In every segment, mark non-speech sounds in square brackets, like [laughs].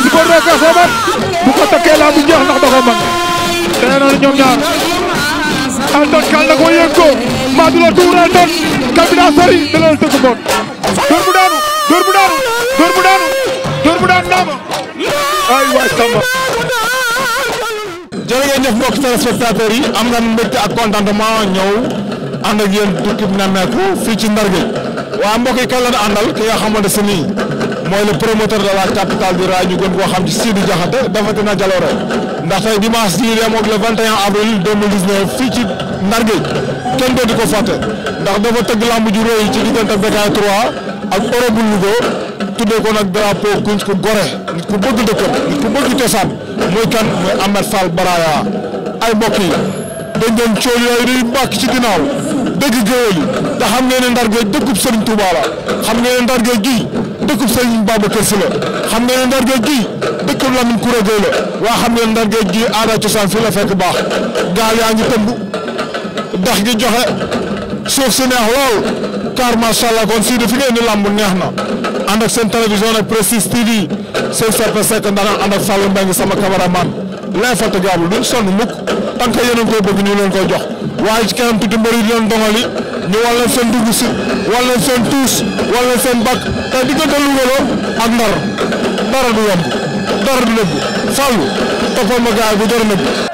transport doo koy xoomat bu ko takkee laa yi am nga mbégte ak contentement ñëw ànd ak yéen tukkib na nekk fii ci waa mbokk yi kan la àndal ki nga si nii mooy le promoteur de la capitale du rail ñu gën koo xam ci Sidi Diakhaté dafati na jaloore ndax tey dimanche jii dem ak le 21 avril 2019 fii ci Ndar Géej kenn dootu ko fàtte ndax dafa tëgg lamb ju rëy ci diggante Bécaye 3 ak Euro bu Louga tuddee ko nag drapeau kuñ ku gore nit ku bëgg dëkkam nit ku kan muy Ahmed Fall ay mbokk yi dañ doon coow yooyu dañuy ci ginnaaw dëgg géwél yi te xam ngeen ne Ndar Géej dëkkub Serigne Touba xam ngeen ne Ndar Géej dëkkub Serigne Babacar Sy la xam nga ne Ndar Géej gi dëkkub Lamine Koura Gueye la waa xam ne Ndar Géej gi aada cosaan fii la fekk baax gaal yaa ngi tëmb dex gi joxe suuf si neex lool car macha allah kon sii de fi ngeen di làmb neex na ànd ak seen télévision nag Prestige TV seen sepp sekk ndax ànd ak Fallou Mbengue sama cameraman l'infatigable duñ sonn mukk tant que yéen a ngi koy bëgg ñu leen koy jox waaye ci kanam tuuti mbër leen dongali ñu wan leen seen dugg si wan seen tuus wan leen seen bakk te diggante Louga la ak Ndar dara du yomb dara du nëbb Fallou toppal ma gars bu dara nëbb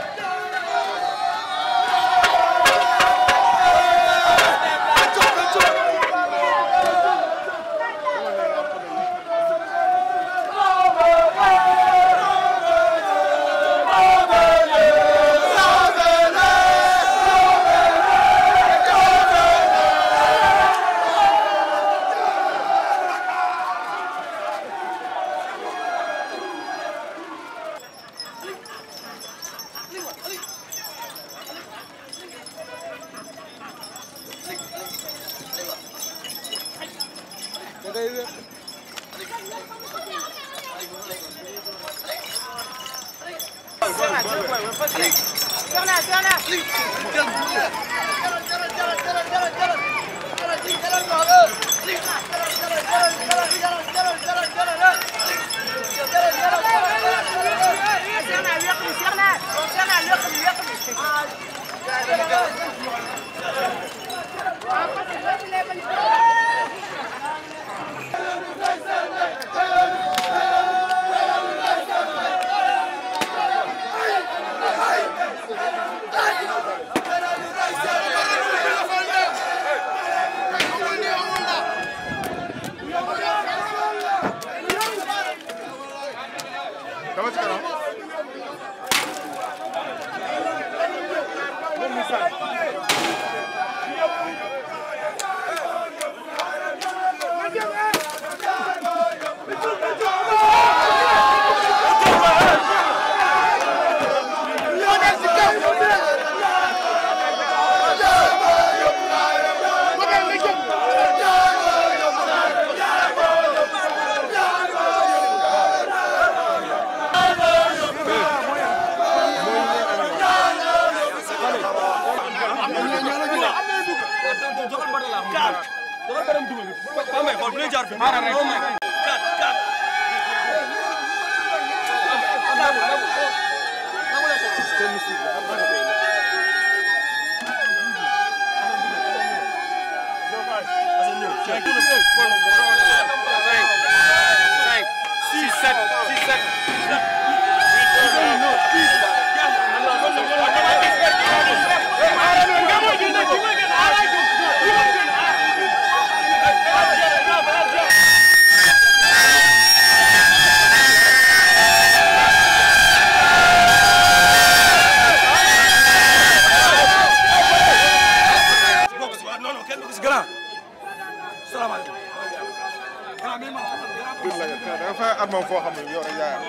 billahi ka da fa at mom fo xam ne yow rek yaayam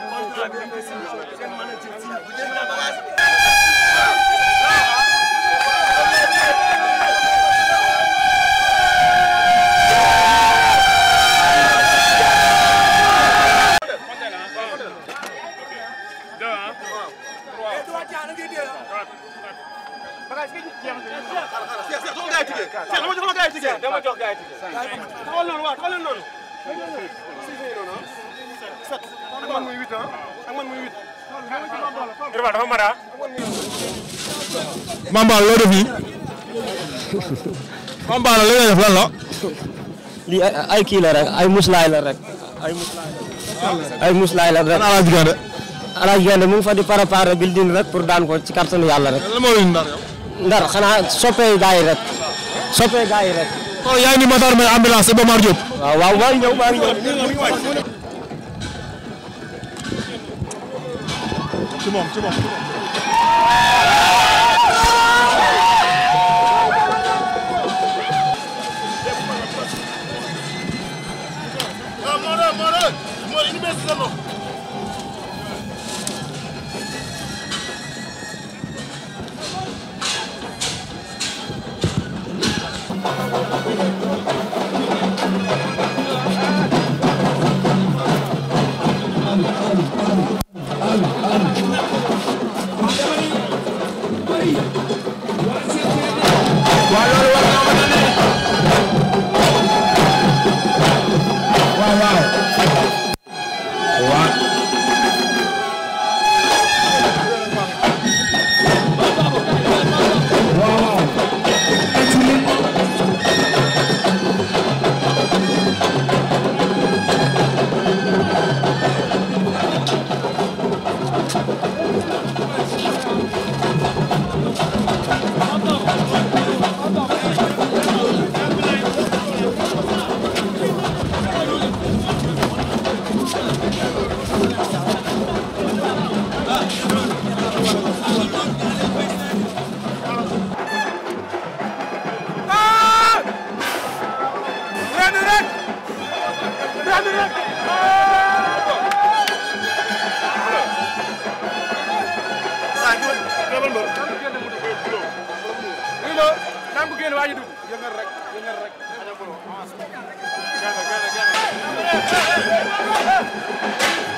Thank you. Cheikh Cheikh jox gaay ticket Cheikh dama jox la gaay ticket dama jox gaay ticket xool noonu waaw xool noonu sept ak man muy huit ak man muy huit Irba dafa mara Mambal loo def nii Mambal li nga def lan la lii ay kii la rek ay muslaay la rek ay muslaay ay muslaay la rek alaaj gande alaaj gande mu ngi fa di préparer building rek pour daan ko ci kàttanu yàlla rek lan moo leen ndar yow دار خنا سوبي دايرت سوبي دايرت تو ياني مدار من عمل راسي بمارجوب واو واو نيو مارجوب تمام تمام تمام waa ji dugg yëngal rek yëngal rek ada bolo avance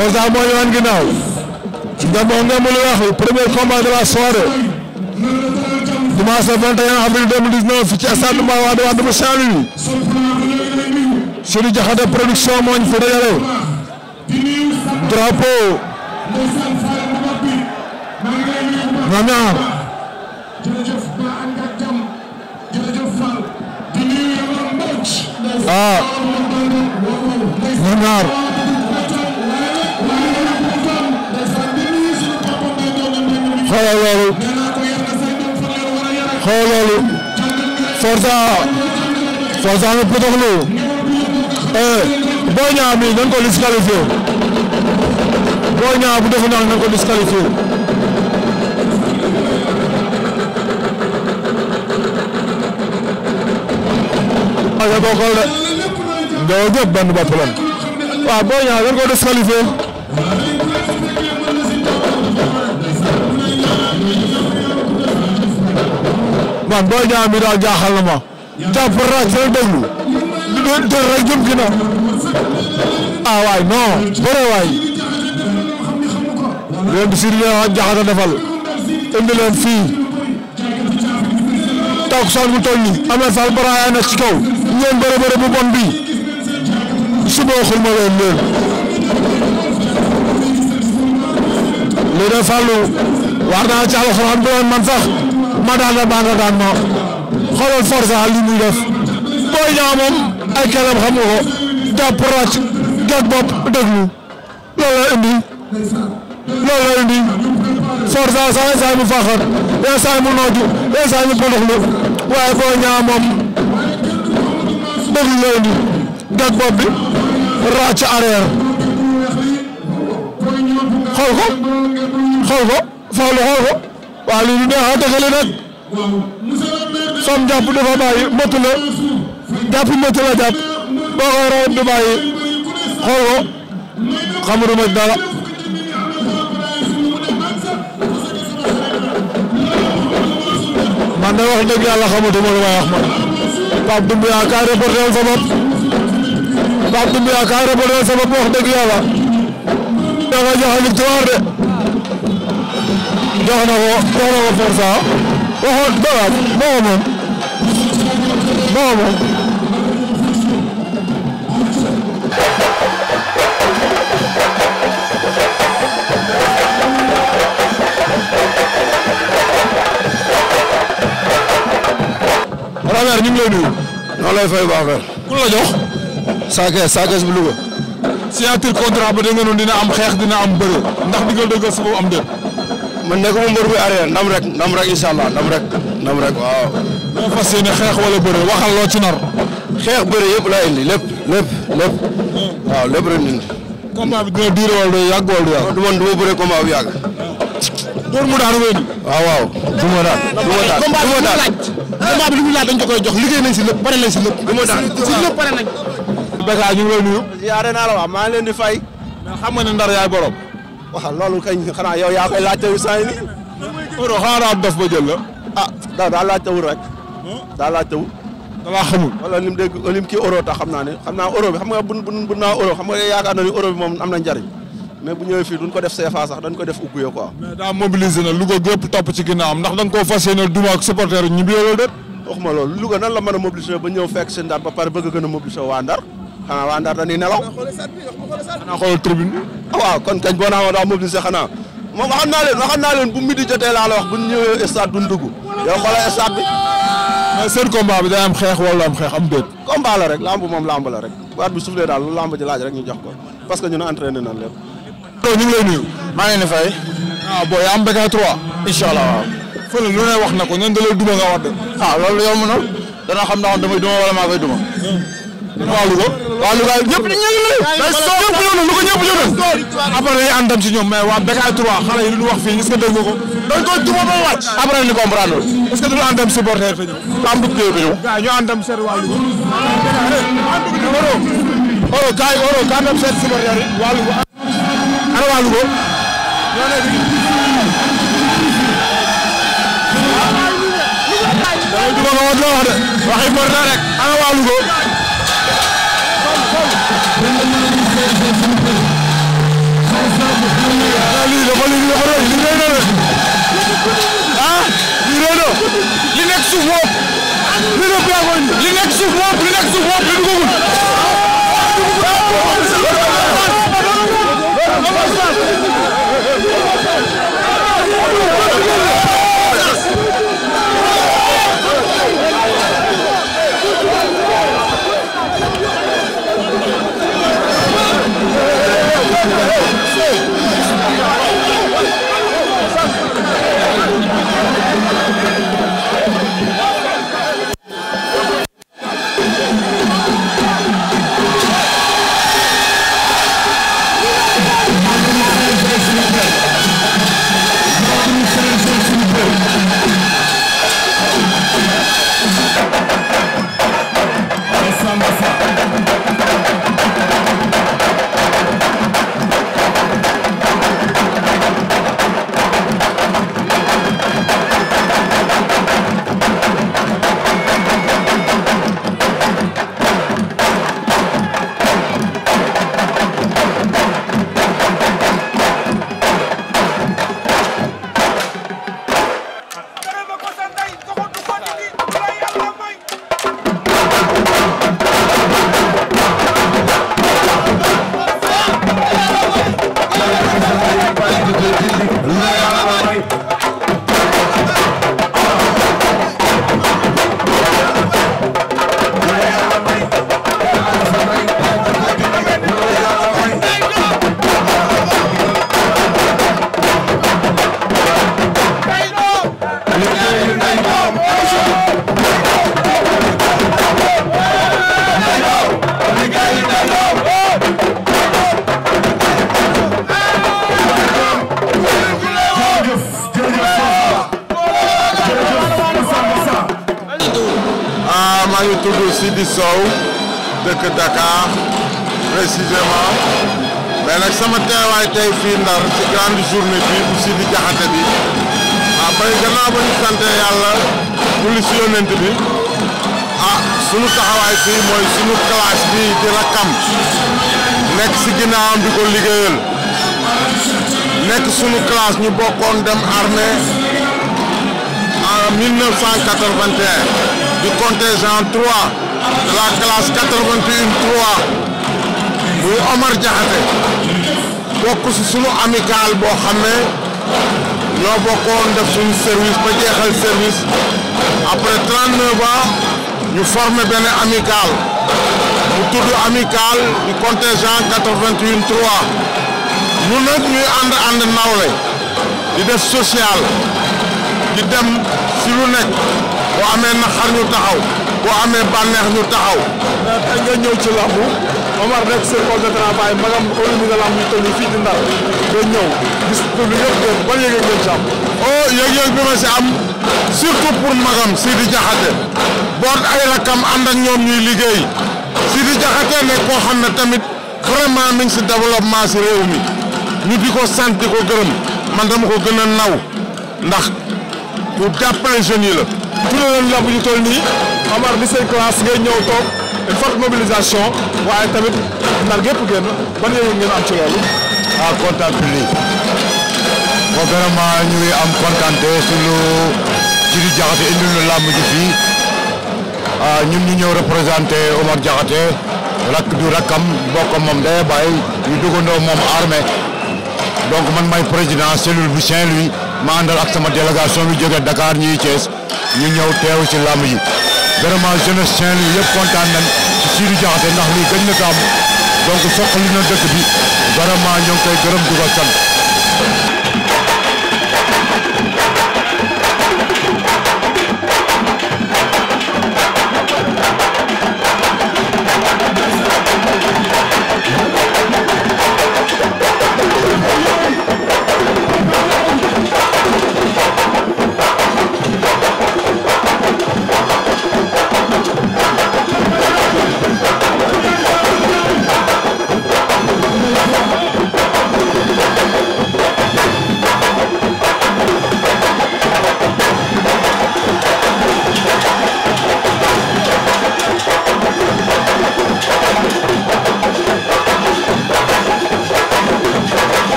Forza moo ñu wan ginnaaw nga moo nga mu lu wax premier combat de la soirée dimanche 21 avril 2019 fii ci stade Wade Wade bu Saint-Louis Serigne Diakhaté production moo ñu fi dajale drapeau ñoom ñaar ah ñoom ñaar xoolal loolu xoolal loolu Forza Forza nga potoxlu eh, Boy Niang mi nañ ko disqualifié Boy Niang bu def naan nañ ko disqualifié de nga jëpp benn bopp lan waaw Boy Niang nañ man Boy Niang mi daal jaaxal na ma jàpp rek rek déglu li doon tër rek jëm ginnaaw ah waay non bëre waay leen si li wax defal indi leen fii toog sol bu toll nii amee sal baraaya nekk ci kaw ngeen bëre bëre bu bon bi suba waxul ma leen leen lii de Fallou war naa ci alxuraan man sax ma daan la daan la daan ma xoolal force à li muy def booy ñaa moom ay kelam xam nga ko jàpp ràcc jot bopp déglu loolu la indi loolu la indi force à saa saa mu faxat yaa saa mu nooju yaa saa mu podoxlu waaye booy ñaa moom déglu la indi jot bopp bi ràcc arrière xool ko xool ko faalu xool ko waa lii du neex a ah, dëgale nag Fam jàpp dafa bàyyi motu la jàpp motu la jàpp boo koy rawoon du bàyyi xool ko xamuñu ma dara. man de wax dëgg yàlla xamatu ma lu may wax man Pape Doumbia ka reporté woon sa bopp Pape Doumbia ka reporté woon sa bopp wax dëgg yàlla da nga joxe victoire de jox na ko jox na ko forsa ah. waxoon ba waaw ba waaw moom ba waaw moom Robert ñu ngi lay nuyu. ñoo lay fay baax fer ku la jox. saakees saakees bu Louga. signature contrat dina am xeex dina am bëre ndax digal dëggal sa bopp am déet. man nekk mbër bu arrière ndam rek ndam rek incha allah ndam rek ndam rek waaw. bu fas yéene xeex wala bëre waxal loo ci nar. xeex bëre yëpp laa lépp lépp lépp waaw lépp rek indi. combat bi dina diir wala du yàgg du man du ma bëre combat bu yàgg. dóor mu daanu wéy. waaw waaw du ma daan du ma daan du ma daan. koy jox liggéey nañ si lépp pare nañ si lépp. du ma daan si lépp pare nañ. Bécaye naa la waaw maa leen di fay. xam nga ndar yaay borom. waaw loolu kañ xanaa yow yaa koy laajte wu saa nii. euro xanaa dof ba jël la. ah daa laajte wu rek. daa laajte wu. da laa xamul. wala lim dégg lim kii euro tax xam naa ne xam naa euro bi xam nga bun bun naa euro xam nga yaakaar na ni euro bi moom am na njariñ mais bu ñëwee fii duñ ko def CFA sax dañ ko def ubbi yo quoi. mais daa mobiliser na Louga gépp topp ci ginnaawam ndax da nga koo fas yéene duma ak supporter ñu bi loolu déet. waxuma loolu Louga nan la mën a mobiliser ba ñëw fekk si Ndar gën a mobiliser waa xanaa waa Ndar dañuy nelaw. xanaa xoolal tribune bi. ah waaw kon kañ boo naa ma daa mobilisé xanaa moom waxoon naa leen waxoon naa leen bu midi jotee laa la wax bu ñu ñëwee stade duñ dugg yow xoolal stade bi. mais seen combat bi day am xeex wala am xeex am déet. combat la rek lamb moom lamb la rek bu at bi suuf lee daal lu lamb ji laaj rek ñu jox ko parce que ñun entraîné nañ lépp. ñu ngi lay nuyu. maa ngi leen di fay. ah booy am Bécaye 3. incha allah waaw. fële lu ne wax na ko ñun da lay duma nga wax de. ah loolu yomb na dana xam ndax damay duma wala maa koy duma. waaw Louga waaw Louga ñëpp ñu ngi lay. ñëpp ñoo doon Louga ñëpp ñoo doon. après dañuy àndam ci ñoom mais waa Bécaye 3 xale yi lu ñu wax fii est-ce que dégg nga ko. dañ koy après ñu comprendre est-ce que du supporter te ñëw. waa Louga. oro waa Louga. li nekk suuf moom li nekk suuf moom li nekk suuf moom li duggagul nekk sunu classe ñu bokkoon dem armée en 1981 du contingent 3 de la classe 81 3 muy Omar Diakhaté bokk si sunu amical boo xam ne ñoo bokkoon def suñu service ba jeexal service après 39 ans ñu formé benn amical mu tudd amical du contingent 81 3. nu nag ñuy ànd ànd nawle di def social di dem si lu nekk boo amee naqar ñu taxaw boo amee bànneex ñu taxaw. tey nga ñëw ci lambu Omar nekk seen école de travail magam organisé lamb yi toll fii di Ndar nga ñëw gis lu yëpp dem ban yëg ngeen ci oh yëg-yëg bi ma si am surtout pour magam Sidi Diakhaté boot ay rakam ànd ak ñoom ñuy liggéey Sidi Diakhaté ne koo xam ne tamit vraiment mi ngi développement si réew ñu di ko sant di ko gërëm man dama ko gën a naw ndax ku jàppale jeunes yi la. su ñu leen làmb ñu toll nii Amar li seen classe ngay ñëw toog une mobilisation waaye tamit ndar gépp génn ban yooyu ngeen am ci loolu. ah kontaan public. bon vraiment ñu ngi am kontaante sur lu Djily Diakhaté indil lu làmb ji ah, ñun ñu ñëw représenté Omar Diakhaté rakk du rakkam bokkam moom day bàyyi ñu duggandoo moom armée. donc man may président cellule bu saint louis mandal ak sama délégation bi jóge dakar ñuy thiès ñu ñëw teew ci làmb yi vraiment jeunesse saint louis yëpp kontaan nañ ci siiru jaxase ndax lii gëj na ko am donc soqali na dëkk bi vraiment ñu ngi koy gërëm dugal sant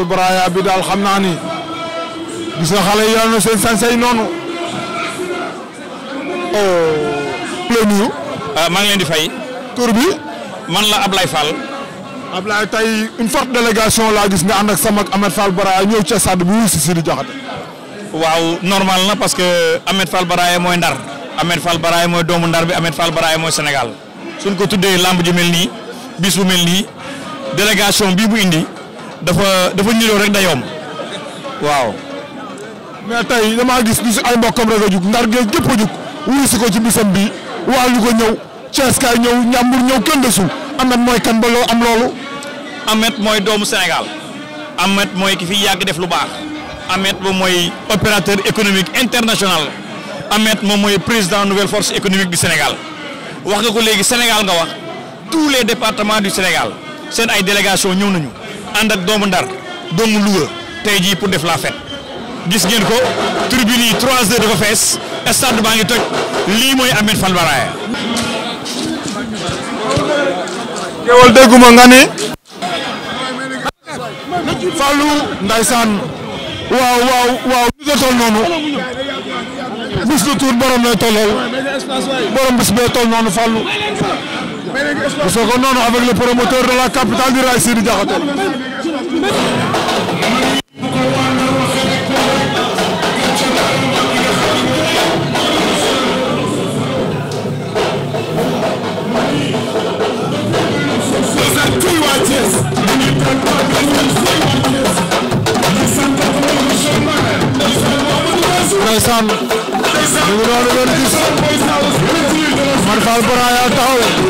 daal Braya bi daal xam naa ni gis nga xale yor na seen sañ-sañ noonu. Oh. la nuyu. Euh, maa ngi leen di fay. tur bi. man la Ablaye Fall. Ablaye tey une forte délégation laa gis nga ànd ak sama ak Ahmed Fall Braya ñëw ca Sade bu wuyu si Sidi Diakhaté. waaw normal na parce que Ahmed Fall Braya mooy ndar. Ahmed Fall Braya mooy doomu ndar bi Ahmed Fall Braya mooy Sénégal. suñ ko tuddee lamb ju mel nii bis bu mel nii délégation bii bu indi. dafa dafa ñëw rek da waaw. mais tey damaa gis ñu si ay mbokkam rek a jug ndar géej gépp a jug wuyu ko ci bisam bi waa ñu ko ñëw Thiès kaay ñëw Ndiambour ñëw kenn desul Ahmed mooy kan ba am loolu. Ahmed mooy doomu Sénégal. Ahmed mooy ki fi yàgg def lu baax. Ahmed moom mooy opérateur économique international. Ahmed moom mooy président nouvelle force économique du Sénégal. wax nga ko léegi Sénégal nga wax tous les départements du Sénégal seen ay délégation ñëw nañu. ànd ak doomu ndar doomu Louga tey jii pour def la fête gis ngeen ko tribune yi 3 heures dafa fees stade baa ngi toj lii mooy Ahmed Fall Braya. Géwal dégguma ndaysaan waaw waaw waaw ñu nga toll noonu bis du tuur borom lay tollal borom bis bee toll noonu Fallou. Nous sommes no avec le de la capital de Raï no,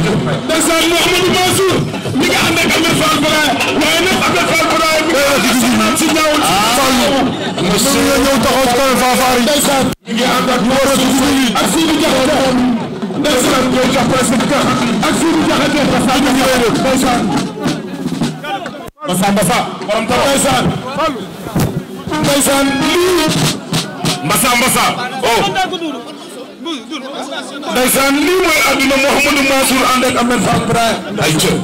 ndeysaan Mouhamadou Mansour mi ngi ànd ak Ahmed Fall Braya waaye nag Ahmed Fall Braya mi ngi ànd ak si naan si ñaawul si ñëw taxaw ci kaw faafaar yi ndeysaan mi ngi ànd ak Mansour ak Sidi Diakhaté ndeysaan ñoo jox presse bi ak Sidi Diakhaté ndeysaan ñu ngi lay def ndeysaan Mbassa Mbassa borom taw ndeysaan ndeysaan lii Mbassa Mbassa oh ndeysaan lii mooy àdduna Mouhamadou Mansour ànd ak Ahmed Fall Brahim ay cër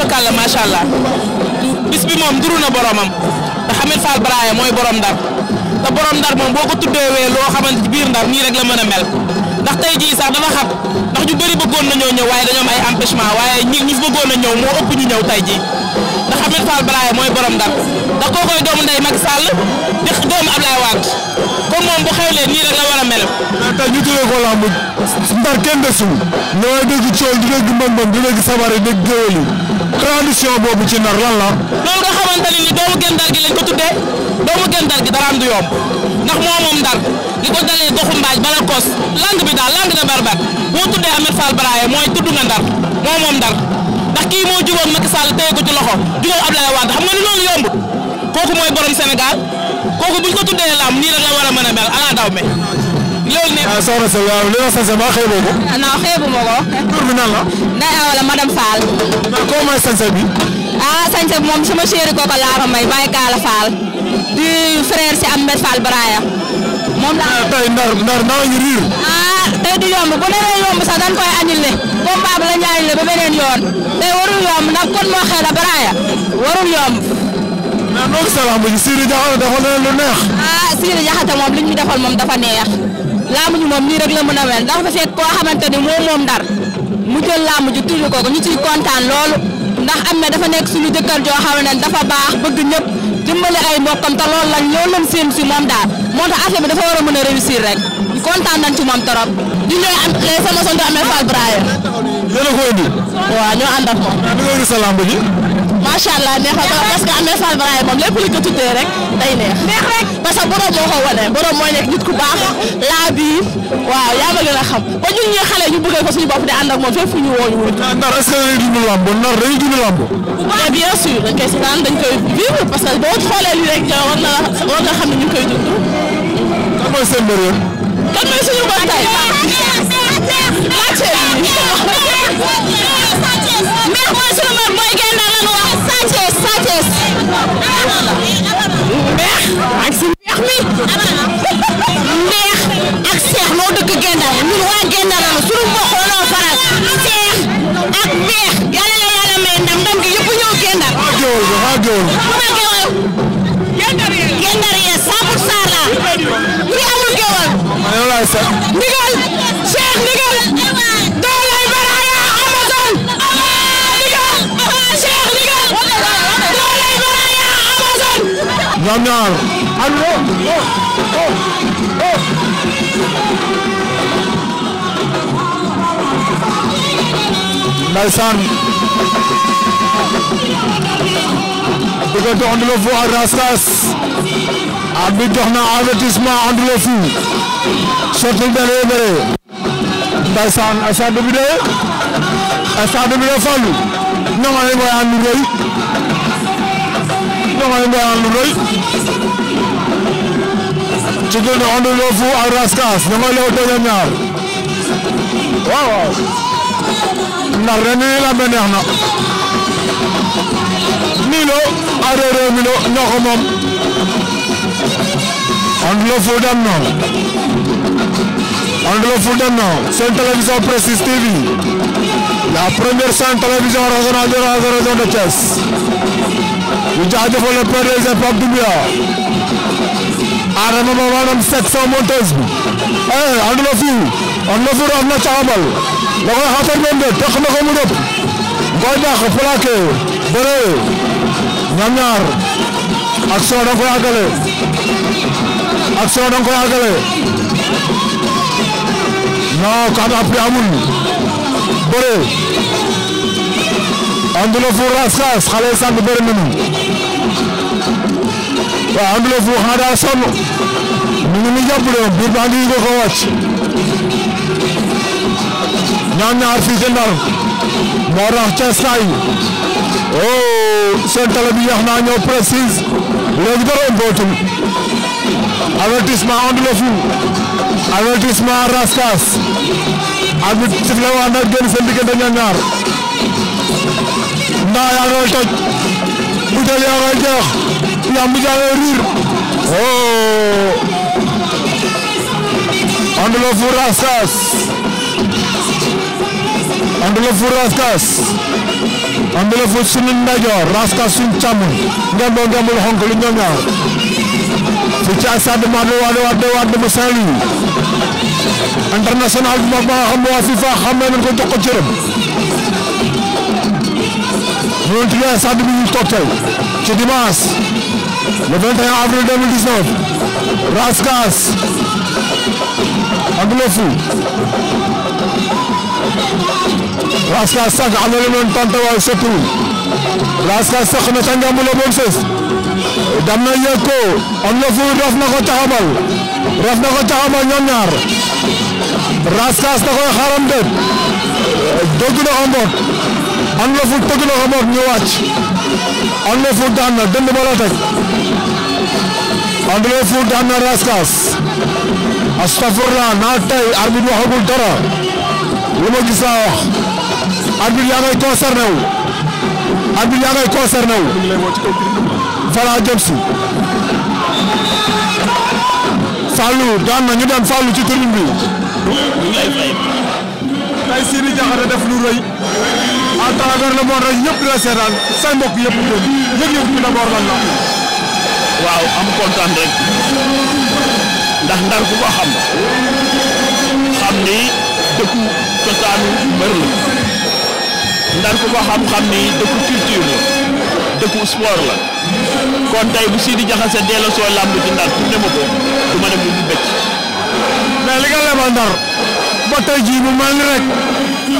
tubaarfakàlla macha allah bis bi moom duru na boromam te Hamid Fall Braya mooy borom ndar te borom ndar moom boo ko tuddeewee loo xamante ci biir ndar nii rek la mën a mel ndax tey jii sax dafa xat ndax ñu bëri bëggoon na ñëw ñëw waaye dañoo am ay empêchement waaye ñi ñi bëggoon na ñëw moo ëpp ñu ñëw tey jii ndax Hamid Fall Braya mooy borom ndar ndax koo koy doomu ndey Macky Sall di doomu Ablaye Wade comme moom bu xewlee nii rek la war a mel. ndar kenn nooy dégg cool di dégg mbëng di dégg sabar yi dégg géwél yi tradition ci nar lan loolu nga ni doomu Guet Ndar gi lañ ko tuddee doomu Guet Ndar gi daraam du yomb ndax moo moom Ndar li ko dalee doxu bala kos langue bi daal langue de barbar boo tuddee Ahmed Fall Braya mooy tudd nga Ndar moo moom Ndar ndax kii moo jugoon Macky Sall téye ko ci loxo jugoon Abdoulaye xam ni loolu yombut kooku buñ ko tuddee lam nii rek la war a mën a mel ala daw me loolu ne ah soxna Seydou waaw li nga sensé ba xeebo ko. Ah, non xeebu ma ko. tur bi nan la. Ndeye Awa la madame Fall. waaw ah, koo may sensé bi. ah sensé bi moom sama chéri kooku laa ko may Baye Kaala Fall. di frère si Ahmed Fall Braya. moom laa ah, tay ndar ndar ndaw ñu riir. ah tey du yomb bu naree yomb sax dañ koy annulé combat bi la ñu annulé ba beneen yoon tey warul yomb ndax kon moo xeela Braya warul yomb. mais noo gisee làmb ji Sirou Diakhaté defal na lu neex. ah Sirou Diakhaté moom li ñu defal moom dafa neex làmb ji moom nii rek la mën a mel ndax bu fekk koo xamante ni moom moom ndar mu jël làmb ji tuuti ko ñu ciy kontaan loolu ndax am na dafa nekk suñu jëkkër joo xam ne dafa baax ay mbokkam te loolu lañ loolu lañ si moom daal moo tax affaire bi war a mën a réussir rek kontaan nañ ci moom trop. di ñooy am sama sondu amee Fall Braye. yéen a ko indi. waaw ñoo ànd ak moom. waaw di nga indi sa ji. macha allah neex a trop parce que Ameth Fall Braya moom lépp luñ ko tuddee rek day neex. neex rek parce que moo ko wane borom mooy nekk nit ku baax laa biir waaw yaa ma gën a xam ba ñun ñii xale ñu bëggee ko suñu bopp di ànd ak moom fépp fu ñu woo wut. ndar bien sûr dañ koy seetaan dañ koy vivre parce que boo xoolee lii rek war na war nga xam ne ñu ngi koy dund. kan mooy seen mbër yéen. kan mooy suñu mbër tey. laajte bi. mais mooy suñu mbër mooy génn neex ak si neex mi neex ak seex moo dëkk Gendar ñun waa Gendar la suñu mbokk noo faral seex ak neex yàlla la yàlla may ndam ndam gi yëpp ñëw Gendar. waa Géol waa Géol. waa Géol. Gendar yee Gendar yee 100 pour 100 la. li amul Géol. ma ne la sax ndigal. ñoom ñaar ndaysaan diggante Onde le Fou ak Rastas at bi jox na avertissement Onde le Fou sotti benn yëngare ndaysaan stade bi de stade bi de Fallou ñoo ma ne mooy ànd dongay mbeyan luloy cigil noxondo lofu a raskas nongoy lewo toña ñaar waaw waaw ndax ren i lambe neex na nilo a rerew mino ñoxo no ond lo fu dam no TV la première chaîne télévision régionale de la de Thiès ñu jaajëfal le PDG Pape Doumbia Adama ba maanaam section monteuse bi eh ànd na fi am na fi na caxabal da koy xatar benn de teq na ko mu dëpp ngoy dàq plaqué bëree ñoom ñaar action da nga koy àggale action da nga koy àggale non kan appui amul bëree ànd na fu ras ras xale yi sànni bëri nañu waa Ambulance bu xanaa daa sonn ñu ngi ñu jàpp de biir baa ngi ñu ko ko wàcc ñoom ñaar fii ci Ndar moo tax ca saay oh seen télé bi yéex naa ñëw précise léegi dara ëmbootul avertissement Ambulance avertissement Raskas ak bi sifle wax na génn seen diggante ñoom ñaar ndaa yaa ngi toj bu teel yaa ngi jeex Yang jaa ngay riir oh andu la fu raskas andu la fu raskas andu la fu sunu ndajoor raskas suñ càmmoñ ngeen boo ngeen bul xonk lu ñoom ñaar fi ci asad ma do wad wad wad bu salu international le 21 avril 2019 Raskas ak le fou Raskas sax am na lu doon tontu waaye surtout Raskas sax na ca ngemb la bon sës dam na yëg ko ak le fou raf na ko taxabal raf na ko taxabal ñoom ñaar Raskas da koy xaram déet dëgg na ko mbot am le fou dëgg na ko mbot ñu wàcc. André Fouta daan na dënd ba la teg André Fouta daan na Raskas astafurlah naa tey arbitre waxagul dara lu ma gis laa wax arbitre yaa ngay concerné wu arbitre yaa ngay daan na ñu dem Fallou ci tribune bi. Tay Sidi à travers le monde rek ñëpp di la seetaan say mbokk yëpp ñëpp yëg-yëg bi waaw am kontaan rek ndax ndar ku ko xam xam ni dëkku cosaanu mbër la ko xam dëkku culture la kon tey bu Sidi Diakhaté delloo soo làmb ci ndar tourné ma ko du ma dem lu mu bëcc. li nga lebal ndar ba tey jii mu mel rek.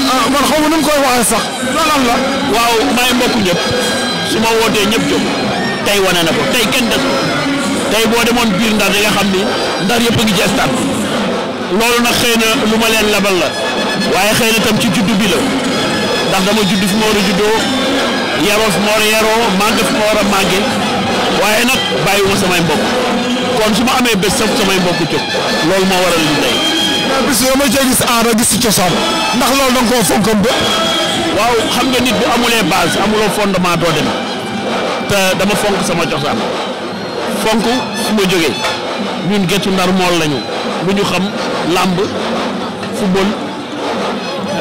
Ah, man xaw ma nu mu koy Wow, sax lan la. waaw may mbokk ñëpp su ma wootee ñëpp jóg tey wane na ko tey kenn des ko tey boo demoon biir ndar da nga xam ni ndar yëpp a ngi ci stade loolu nag xëy na lu ma leen labal la waaye xëy na tam ci juddu bi la ndax dama judd fi ma war a juddoo yaroo fi ma war a yaroo màgge fi ma war a màgge waaye nag bàyyiwuma samay mbokk kon su ma waral li tey mais bis dama cee gis aada gis ci cosaan ndax loolu da nga koo fonkoon ba. waaw xam nga nit bu amulee sama cosaan fonk fu ma jógee ñun gëccu ndar mool lañu lu ñu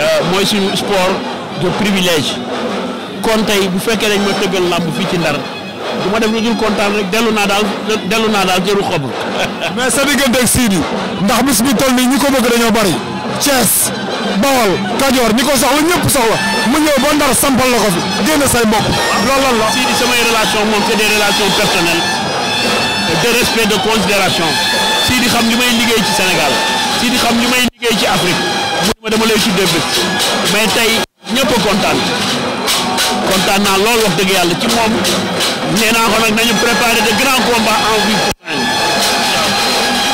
euh, sport de privilège kon tey bu fekkee dañ ma tëggal làmb fii ci ndar. du ma def lu dul kontaan rek dellu naa daal dellu naa daal jëru xob. mais sa diggante ak Sidi ndax bis bi toll nii ñi ko bëgg dañoo bari Thiès Bawol Kajoor ñi ko soxla ñëpp soxla mu ñëw ba Ndar sampal loxo ko fi génn say mbokk. loolu lan la Sidi samay relation moom c'est des relations personnelles de respect de considération Sidi xam li may liggéey ci Sénégal Sidi xam li may liggéey ci Afrique mu ma dama lay tuddee bés mais tey ñëpp a kontaan. kontaan naa lool wax dëgg yàlla ci moom nee naa ko nag nañu préparer de grands combats en vue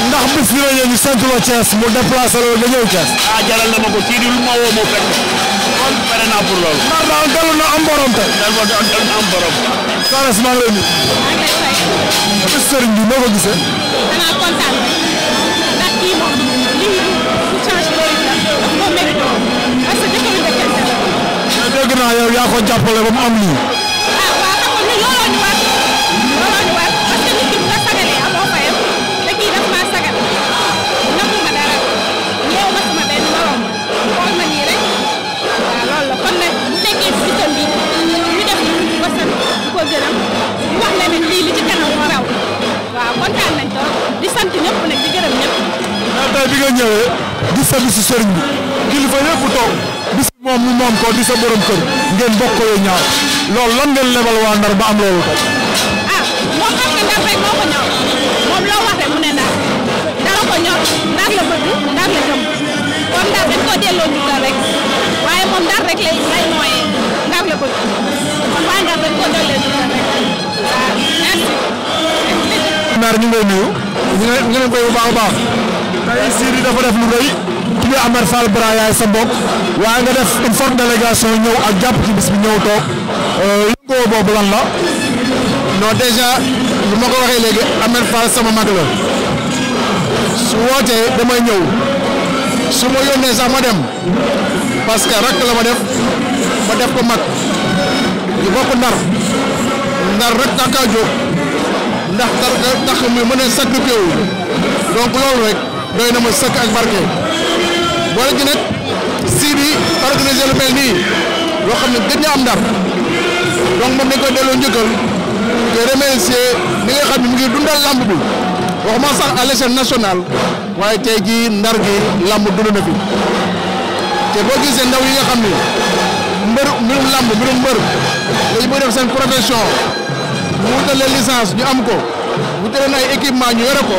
ndax bis bi la ñu ñu sant la Thiès mu déplacé loolu nga ñëw Thiès. ah jaral na ma ko kii di lu ma woo moo fekk kon pare naa pour loolu. ndax daal dellu na am borom tey. dellu na am borom. Sanes maa ngi lay pourtant yow yaa ko jàppale ba mu am lii. ah waaw xam nga looloo ñu war looloo ñu war parce que nit ki bu la sagalee amoo fayam te kii daf maa sagal nangu ma dara ñëw ma sama benn morom xool ma nii rek waaw loolu la kon nag bu fekkee système bi ñu def ñu ko sant di ko gërëm wax la ne lii li ci kanam moo raw waaw kontaan nañ trop di sant ñëpp nag di gërëm ñëpp. ndax tey bi nga ñëwee di sant si sëriñ bi kilifa yëpp toog. moom mu moom ko di sa borom kër ngeen bokk ko yow ñaar lan ngeen lebal waa Ndar ba loolu ko ah moom xam nga Ndar rek moo ko moom loo wax mu ne Ndar dara ko ñor Ndar la bëgg Ndar Ndar dañ ko delloo njukkal waaye moom Ndar rek lay lay nooyee Ndar la Ndar dañ ko delloo njukkal rek waaw ah, merci. naar ñu ngi lay koy bu baax a baax. tey Sidy def lu rëy. tuddee Amar Fall Bra yaay sa mbokk waaye nga def une forte délégation ñëw ak jàpp ci bis bi ñëw toog lëngoo euh, boobu déjà lu ma ko waxee léegi Amar Fall sama mag la su wootee damay ñëw su ma yónnee sax ma dem parce rakk la ma def ma def ko mag ñu bokk ndar ndar rek tax jóg ndax tax tax muy mën a sacrifié wu donc loolu rek doy na ma ak barke. boole gi nag si bi organisé lu mel nii loo xam ne gën ñu am ndar donc moom dañ koy delloo njëkkal te remercier ñi nga xam ne mu ngi dundal làmb bi waxuma sax à l'échelle nationale waaye tey jii ndar gi làmb dund na fi te boo gisee ndaw yi nga xam ni mbër mbirum làmb mbirum mbër dañu bëgg def seen profession mu wutalee licence ñu am ko wutaleen ay équipement ñu yore ko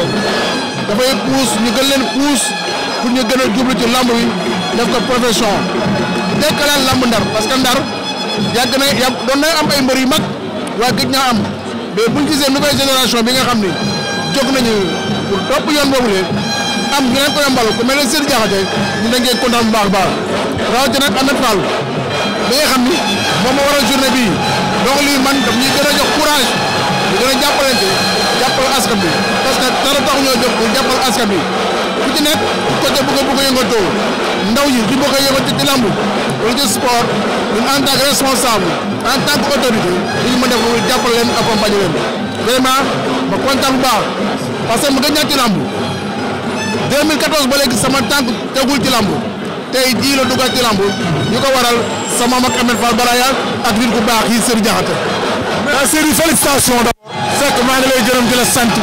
dafay pousse ñu gën leen pousse pour ñu gëna djublu ci lamb yi def ko profession dekk la lamb ndar parce que ndar yàgg na yàgg do na am ay mbeur yu mag wa gëj na am mais buñ gisee nouvelle génération bi nga xamni ni nañu pour top yoon bobu le am ñu ko yombal ko mel ne Sëriñ Jaxate ñu da ngeen kontaan bu baax a baax rawatina ak Ameth Fall bi nga xamni mo moom wara journée bi dox li man daf ñuy gën jox courage ñu gëna jappalante jappal jàppal askan bi parce que dara tax ñoo jox ko jappal askan bi ku é nekk côté bu nga bëgg a yëngatoo ndaw yi di bëgg a yëngatu ci lamb wala ci sport ñun en tant que responsable en tant que autorité ñu mën a def mooy jàppale leen accompagner leen vraiment ma kontaan bu parce que mu gën ci lamb 2014 ba léegi sama tànk tegul ci lamb tey jii la dugal ci lamb ñu ko waral sama mag Ahmed Fall Baraya ak nit ku baax yi Serigne Diakhaté. waaw Serigne félicitation d'abord. fekk maa ngi lay gërëm di la sant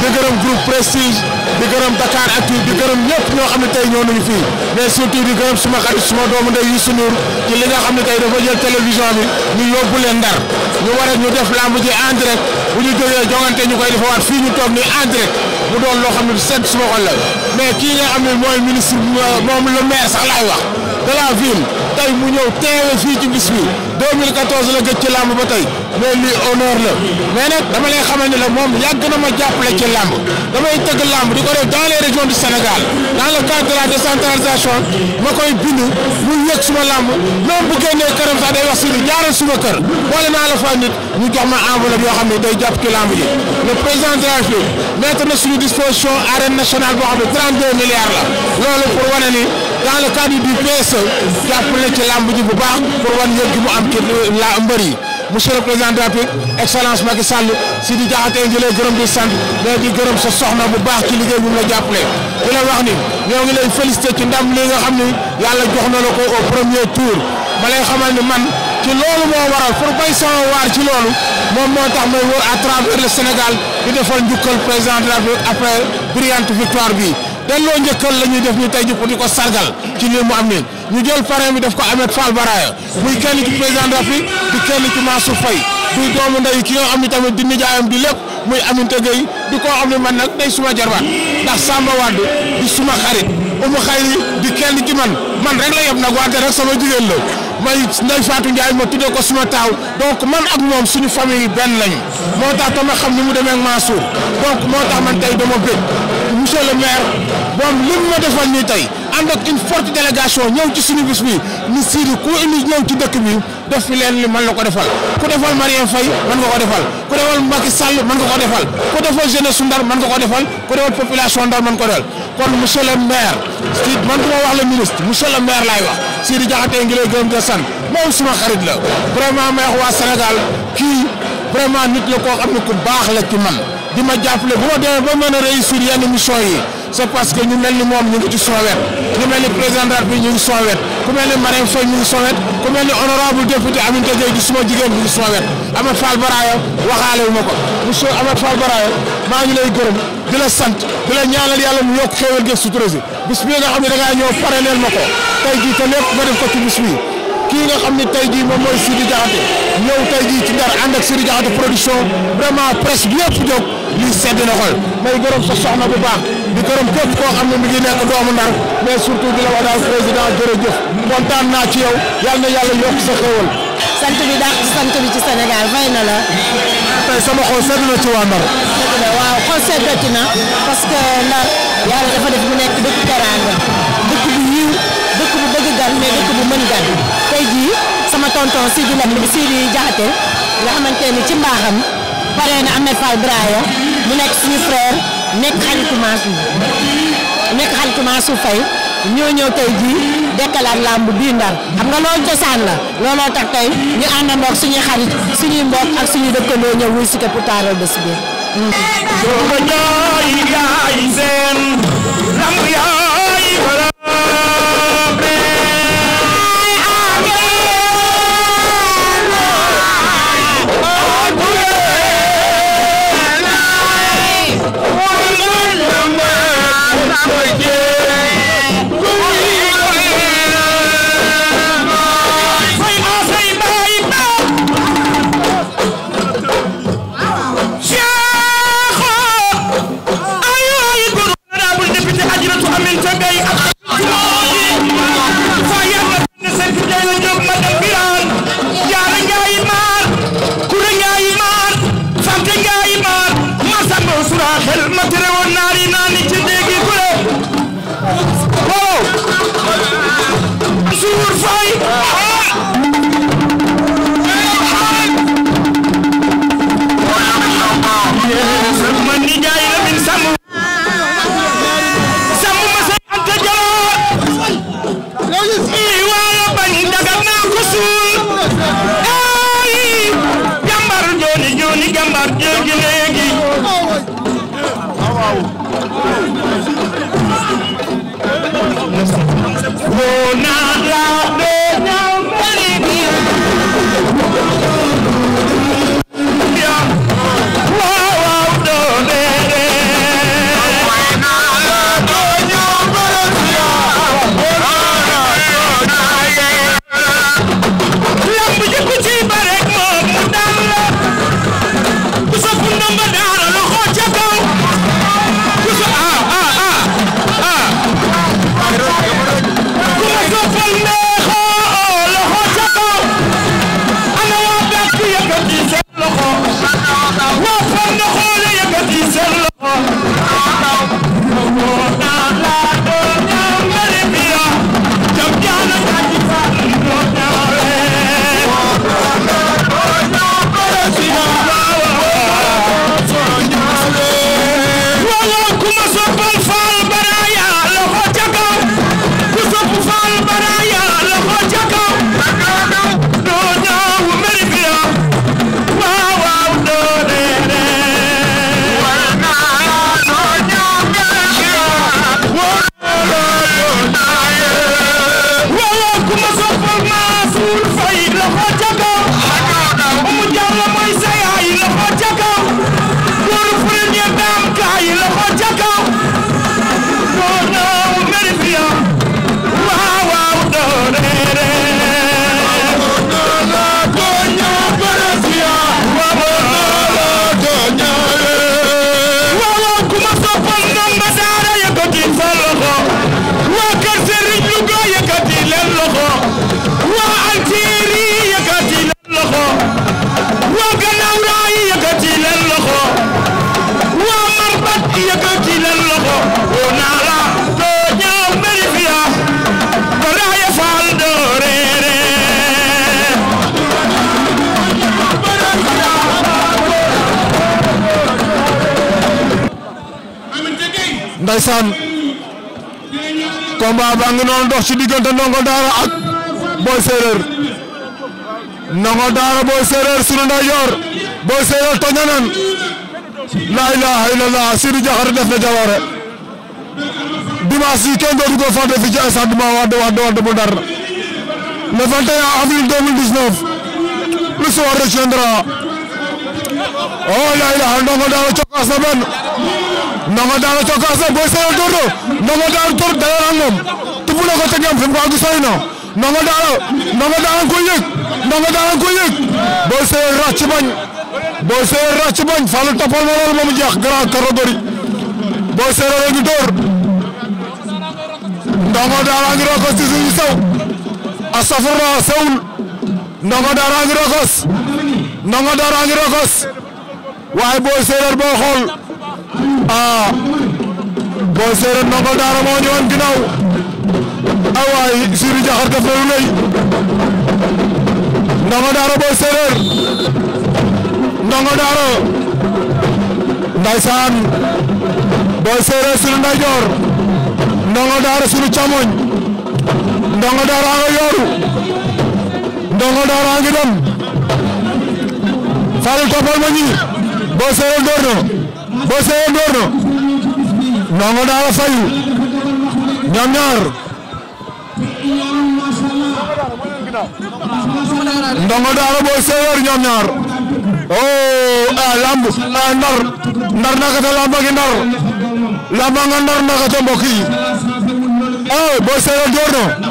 di gërëm groupe Prestige. di gërëm Dakar Actu di gërëm ñëpp ñoo xam ne tey ñoo nañu fii mais surtout di gërëm suma xarit suma doomu ndey Youssou Ndour ci li nga xam ne tey dafa jël télévision bi ñu yóbbu leen ndar ñu war a ñu def lamb ji en direct bu ñu jógee jongante ñu koy defawaat fii ñu toog ni en direct mu doon loo xam ne seet suma xol la mais kii nga xam ne mooy ministre moom le maire sax laay wax de la ville tey mu ñëw teewe fii ci bis bi 2014 la gëj ci lamb ba tey mais lii honneur la mais nag dama lay xamal ne la moom yàgg na ma jàppale ci lamb damay tëgg lamb di ko def dans les régions du Sénégal dans le cadre de la décentralisation ma koy bind mu yëg suma làmb même bu génnee këram sax day wax si jaaral suma kër wala naa la fa nit ñu jox ma enveloppe yoo xam ne day jàpp ci lamb yi le président de la République mettre na suñu disposition arène nationale boo xam ne 32 milliards la loolu pour wane ni dans le cadre du PSE jàppale ci lamb ji bu baax pour wan yëg gi am kii la mbër yi monsieur le président de la République excellence Macky si di jaxatee di gërëm di sant mais di gërëm sa soxna bu baax ci liggéey bu mu la jàppale di la wax ni ñoo ngi lay félicité ci ndam li nga xam ni yàlla jox na la ko au premier tour ma lay xamal ni man ci loolu moo waral pour bay sama waar ci loolu moom moo tax may wër à travers le Sénégal di defal njukkal président de la République victoire bi delloo njëkkal la ñuy def ñu tey ji pour sargal ci lii mu am nii ñu jël parrain bi def ko Ahmed Fall Baraya muy kenn ci président de la République di kenn ci Mansour Faye di doomu ndey ki nga xam ne tamit di nijaayam di lépp muy Aminata Gueye di koo xam ne man nag day suma jarbaat ndax Samba Wade di suma xarit umu xayri di kenn ci man man rek la yeb nag wante rek sama jigéen la may Ndeye Fatou Ndiaye ma tuddee ko suma taaw donc man ak moom suñu famille benn lañu moo tax dama ni mu demee ak Mansour donc moo tax man tey dama bëgg monsieur le maire moom li mu defal nii tey ànd ak une forte délégation ñëw ci suñu bis bi ni Sidi ku indi ñëw ci dëkk bi def fi leen li mën na ko defal ku defal Marième Faye mën ko defal ku defal Macky Sall mën nga ko defal ku defal Ndar mën ko defal ku defal population Ndar mën ko defal kon monsieur le maire Sidi man du ma wax le ministre monsieur le maire laay wax Sidi Diakhaté ngi lay gërëm di la sant moom suma xarit la vraiment may wax Sénégal kii vraiment nit la ko xam ne ku baax la ci man. di ma jàppale bu ma demee ba mën réussir yenn mission yi c'est parce que ñu mel ni moom ñu ngi ci son wet ñu mel ni président de la République ñu ngi son wet ku mel ni Marème Faye ñu ngi son wet ku mel ni honorable député Aminata Gueye di suma jigéen ñu ngi son wet Amath Fall Barayo waxaale wu ma ko monsieur Amath Fall Barayo maa ngi lay gërëm di la sant di la ñaanal yàlla mu yokk xéewal geeg sutura si bis bi nga xam da ngaa ñëw parrainel ma ko tey te lépp nga def ko ci bis bi kii nga xam ne tey jii moom Sidi Diakhaté ñëw tey jii ci Ndar ànd ak Sidi Diakhaté production vraiment presse bi yëpp jóg sedd na xol may gërëm sa soxna bu baax di gërëm képp koo xam ne mi ngi nekk doomu ndar mais surtout la wax daal président jërëjëf kontaan naa ci yow yal na yàlla yokk sa xéwal. sant bi dàq sant ci Sénégal fay na la. sama xol sedd na ci waa Ndar. parce que Ndar yàlla dafa ci mbaaxam pare na Ahmed Fall mu nekk suñu frère nekk xaritu Mansour nekk xaritu Mansour Faye ñoo ñëw tey jii dekkalaat làmb bii ndar xam nga loolu cosaan la looloo tax tey ñu àndandoo ak suñuy xarit suñuy mbokk ak suñuy dëkkandoo ñëw wuy si ko pour taaral bés bi. ndeysaan combat ba ngi noonu dox ci diggante ndongo daara ak boy séeréer ndongo daara boy séeréer sunu ndeyjoor boy séeréer toña nan la ilaha illallah Sidi Diakhar def na jaware dimanche yi kenn dootu ko fàtte fi ci stade ma wadde wadde wadde bu oh, la ilaha ndongo daara cokaas ndongo daara cokkaas na booy seereer door na ndongo daara door dara na moom tubb na ko te ñoom fi mu ko àgg na ndongo daara ndongo daara ko daara ko yëg booy seereer ràcc bañ booy seereer ràcc bañ Fallou toppal na loolu ba mu booy seereer ngi door ndongo daara ngi rokos ci suñu saw astafurla sewul ndongo daara ngi rokos ndongo daara ngi rokos waaye booy seereer boo ah boo ndongo daara moo ñëwoon ginnaaw ah waay Sidi Diakhar def ndongo daara boo seereer ndongo daara ndaysaan boo seeree sunu ndeyjoor ndongo daara sunu càmmoñ ndongo daara a yooru ndongo daara a ngi dem Fallou toppal ma ñi boo Boy Seye door na Daara fayu ñoom ñaar Ndongo Daara Boy Seye yor ñoom ñaar oh, lamb ah ndar ndar naka ta lamba gi ndar lamba nga ndar naka ta mbokk yi oh Boy Seye door na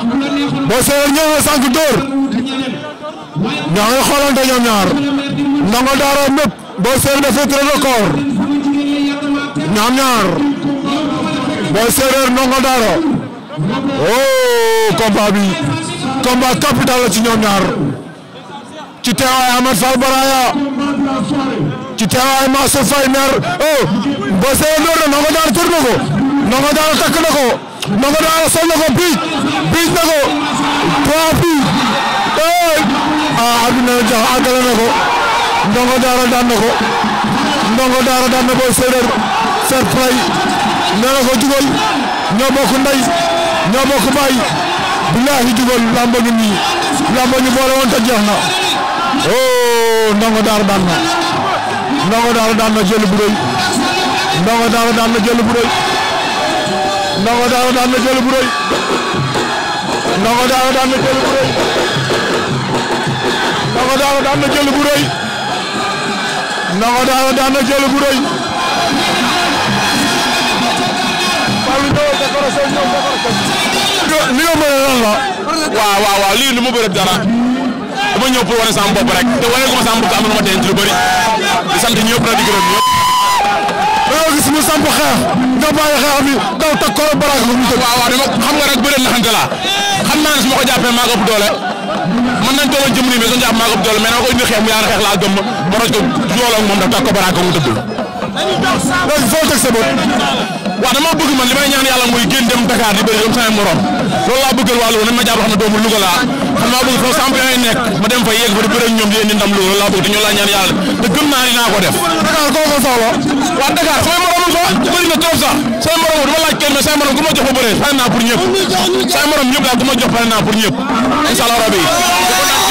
Boy Seye door ñoo ngi xoolante ñoom ñaar Ndongo Daara mépp Boy Seye dafa tere record ñoom ñaar Boy Séeréer Ndongo Daaro oh combat bi combat capital la ci ñoom ñaar ci teewaay Ahmed Fall Baraya ci teewaay Massou Faye mer oh Boy Séeréer door na Ndongo Daaro tur na ko Ndongo takk na ko Ndongo Daaro sol na ko biij biij na ko trois biij ah adduna jax àggale na ko Ndongo Daaro daan na ko Ndongo fair play ñu nii lamba ñu na oh ndongo daara daan na ndongo daara daan na daan na jël bu li nga mën a lan la. waaw waaw waaw lii nu mu bëri dara. dama ñëw pour wane sama bopp rek te wane ko ma sama bopp am na ma denc lu bëri di sant ñëpp a di gërëm ñëpp. dañoo gis mu samp xeex nga bàyyi xeex bi daw teg ko baraag a mu tëj. waaw waaw dama xam nga rek bëri naxante ma ko jàppee maa ko ëpp doole mën nañ toog a jëm nii mais suñu jàpp maa ko ëpp doole teg sa bopp. waaw dama bëgg man li ñaan yàlla muy génn dem Dakar di bëri comme sama morom loolu laa bëggal waa Louga ma jàpp xam ne doomu Louga laa xam naa bëgg nekk ma dem fa yegg fa di bëri ak ñoom di indi loolu laa bëgg te ñoo laa ñaan yàlla te naa ni ko def Dakar koo ko morom fa bëri na trop sax sama morom du ma laaj kenn mais sama morom ku ma jox ba bëree pare naa pour ñëpp sama morom ñëpp laa ku ma jox pare naa pour ñëpp incha allah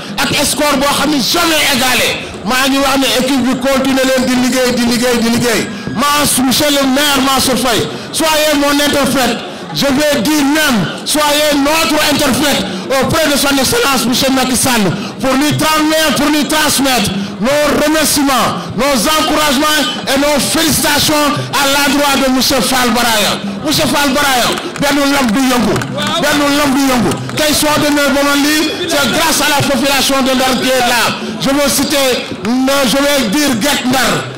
ak score bo xamni jamais égalé maa ngi wax né équipe bi continuer Masse di liguey di liguey di liguey ma monsieur le maire sou Faye soyez mon interprète je vais dire même soyez notre interprète auprès de son excellence monsieur Macky Sall pour lui transmettre pour lui transmettre nos remerciements, nos encouragements et nos félicitations à l'endroit de M. Fall M. M. bien nous Benou bien bien nous du Yungu. qu'ils soit de nos c'est grâce à la population de leur là. Je veux citer, je vais dire Gettner.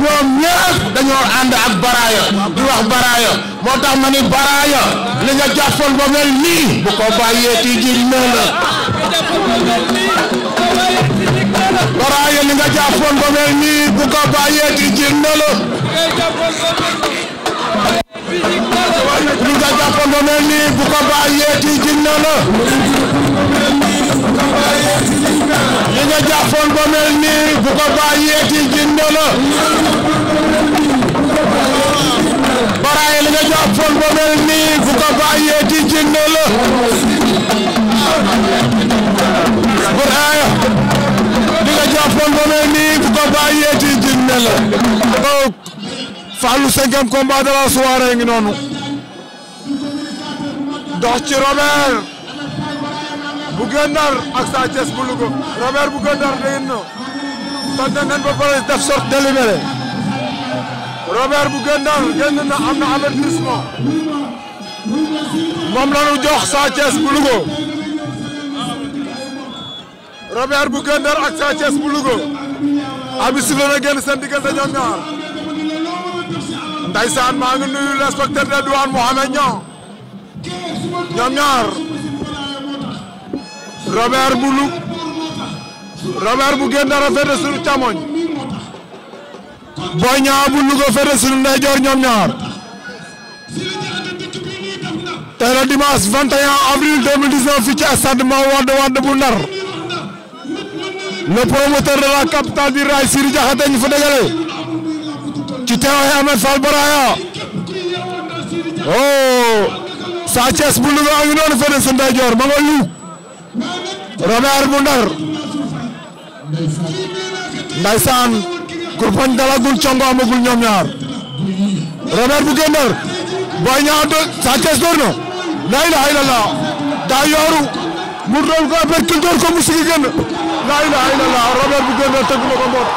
ñoom ñëpp dañoo ànd ak ma li nga jàppoon ba mel nii bu ko ba mel nii bu li nga jàppoon ba mel nii bu ko bàyyee ci jinne la baraay li nga jàppoon ba mel nii bu ko bàyyee ci jinne la baraay li nga jàppoon ba mel nii bu ko bàyyee ci jinne la donc Fallou cinquième combat de la soirée ngi noonu dox ci Robert bu gëndar ak Sa Thiès bu Louga Robert bu gëndar ba pare def sorte délibéré Robert bu gëndar génn na am na avertissement moom la ñu jox Sa Thiès bu Louga Robert bu gëndar ak Sa Thiès bu Louga abi sifle na génn seen diggante ñoom ñaar ndaysaan maa ngi nuyu l'inspecteur des douanes Mohamed Niang ñoom ñaar Robert bu Lug Robert bu Guet Ndar a féete sunu bu Louga féete sunu ndeyjoor ñoom ñaar tey la dimanche 21 avril 2019 fii ci stade Wade Wade bu Ndar le promoteur de la capitale du rail Siri Diakhaté ñu ci teewaay Ahmed Fall Baraya oh Sa Thiès bu Louga a ngi noonu féete sunu ma Lug Robert bu Ndar ndaysaan kurpañ dalagul congo amagul ñoom ñaar Robert bu Gendar Boy Niang do Sa Thiès la ilaha mu doon ko apercule ko mu sigi génn la ilaha illallah Robert bu Gendar tëgg na ko mboot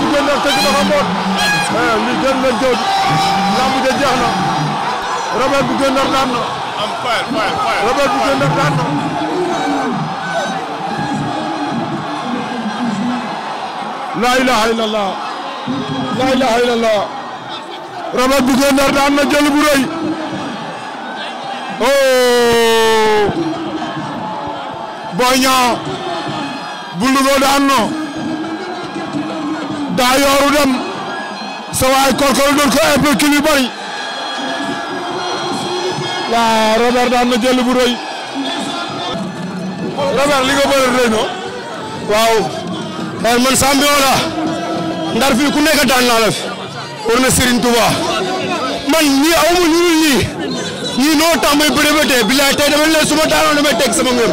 bu Gendar tëgg na ko eh, li gën na jóg lamb ja jeex bu Gendar daan na laa ilaha illallah laa ilaha illallah Robert bu Goundar daan na jël bu rëy oh dem sa waay Korkor doon ko ëpp kii bi bëri waaw Robert daan na jël bu rëy Robert li waaw man champion la ndar fii ku nekk daan naa la na Serigne Touba man ñii aw ma ñu ñii ñii noo tàmbali bëre ba tey bilaay tey dama leen suma daanoon damay teg sama ngëm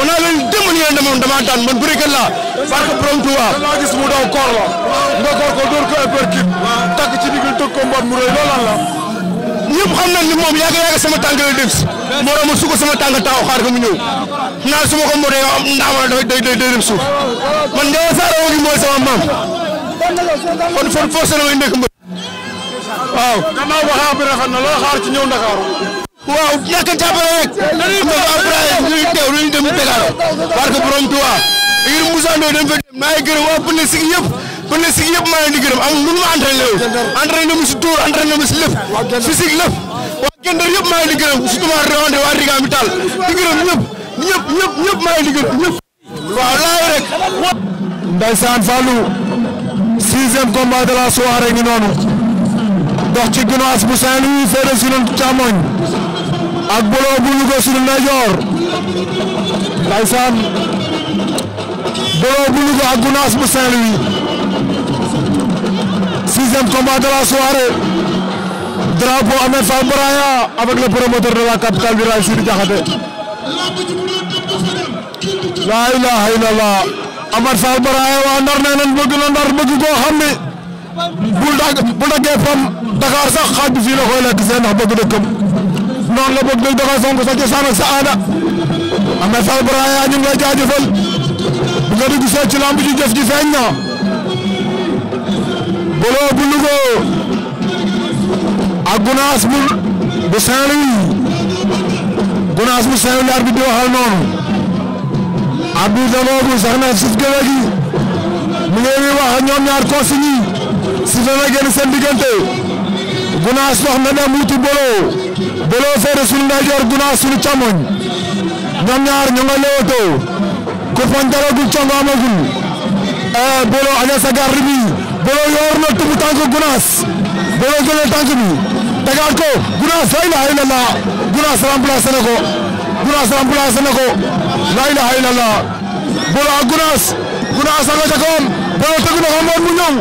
on a leen demoon ngeen demoon damaa daan man bëri kat laa barke borom Touba dama gis mu daw ko dóor ko épercute takk ci digg tëgg ko mboot mu rëy loolu la ñëpp xam nañ ni moom yàgg yàgg sama tànk la dem si moroom su sama tànk taxaw xaar ko mu ñëw naan su ko mbootee yow am ndax ma dafay day day dem suuf man Ndiaye Saara woo ngi mooy sama maam kon fon forcé na may nekk mbër. waaw gannaaw ba xaar bi rafet na loo xaar ci ñëw Ndakaaru. waaw a jàppale rek. na ba après ñuy teew lu ñu dem Dakar parce que borom Tuubaa ngir Moussa Ndoye dem fa maa ngi gërëm waa Pël Sigi yëpp. ba ne si yëpp maa leen di gërëm amul mënu ma entraîné si tour entraîné waa Gendar yëpp maa leen di gërëm surtout waa Rewande waa Riga bi taal di ñëpp ñëpp ñëpp ñëpp maa leen ñëpp. waaw laay rek. Ndeysaan Fallou sixième combat de la soirée ngi noonu dox ci Gunaas bu Saint-Louis féete sunu càmmoñ ak Bolo bu Louga sunu ndeyjoor Ndeysaan Bolo bu Louga ak Gunaas bu Saint-Louis. dixième combat de la soirée drapeau Ahmed Fall Braya avec le promoteur de la capitale Birahim Sidi Diakhaté la ilaha illallah Ahmed Fall waa Ndar nee nañ bëgg na Ndar bëgg koo xam ni sax xaaj bi fii la koy lekk seen ndax la bëgg da koy fonk sa cosaan ak sa aada Ahmed Fall Braya ñu ngi lay jaajëfal bu Golo bu Louga ak Gunaas bu bu Saint-Louis Gunaas bu Saint-Louis arbitre bi waxal noonu arbitre boobu sax na suuf gële gi mu ngi wax ñoom ñaar consigne yi si dana génn seen diggante Gunaas dox na dem wuti Golo Golo féere suñu ndeyjoor Gunaas suñu càmmoñ ñoom ñaar ñu nga leewatoo ku fañ dalagul congo amagul Golo eh, aña sa garde bi Bolo yor na tubu tànk Gunaas Bolo jëlee tànk bi tegaat ko Gunaas la ilaha illallah Gunaas remplacé na Gunaas remplacé na la ilaha illallah Bolo ak Gunaas Gunaas a nga ca kawam na ko mboon mu ñëw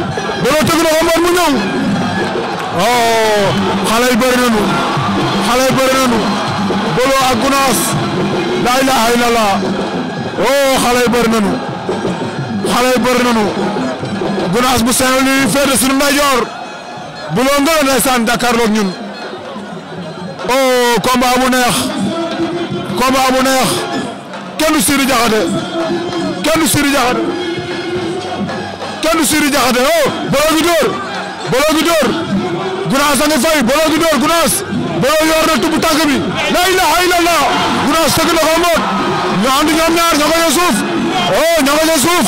Bolo tegu na ko mboon mu ñëw oh, Gunaas la ilaha illallah oh xale yi bëri nañu xale yi Gunas bu seneliği ferisini major. Bulondu önesan Dakar'la ñun. Oo komba bu neex. Combat bu neex. Kenn du Siri Diakhaté. kendi du Siri Diakhaté. Kenn du Siri Diakhaté oo bolo gi dóor. Bolo Gunas a ngi fay bolo gi Gunas. Bolo yor na tubb tànk bi. La ilaha illallah. Gunas tëgg na ko mboot. Ñu ànd ñoom ñaar ña ko ca oo ña ko ca suuf.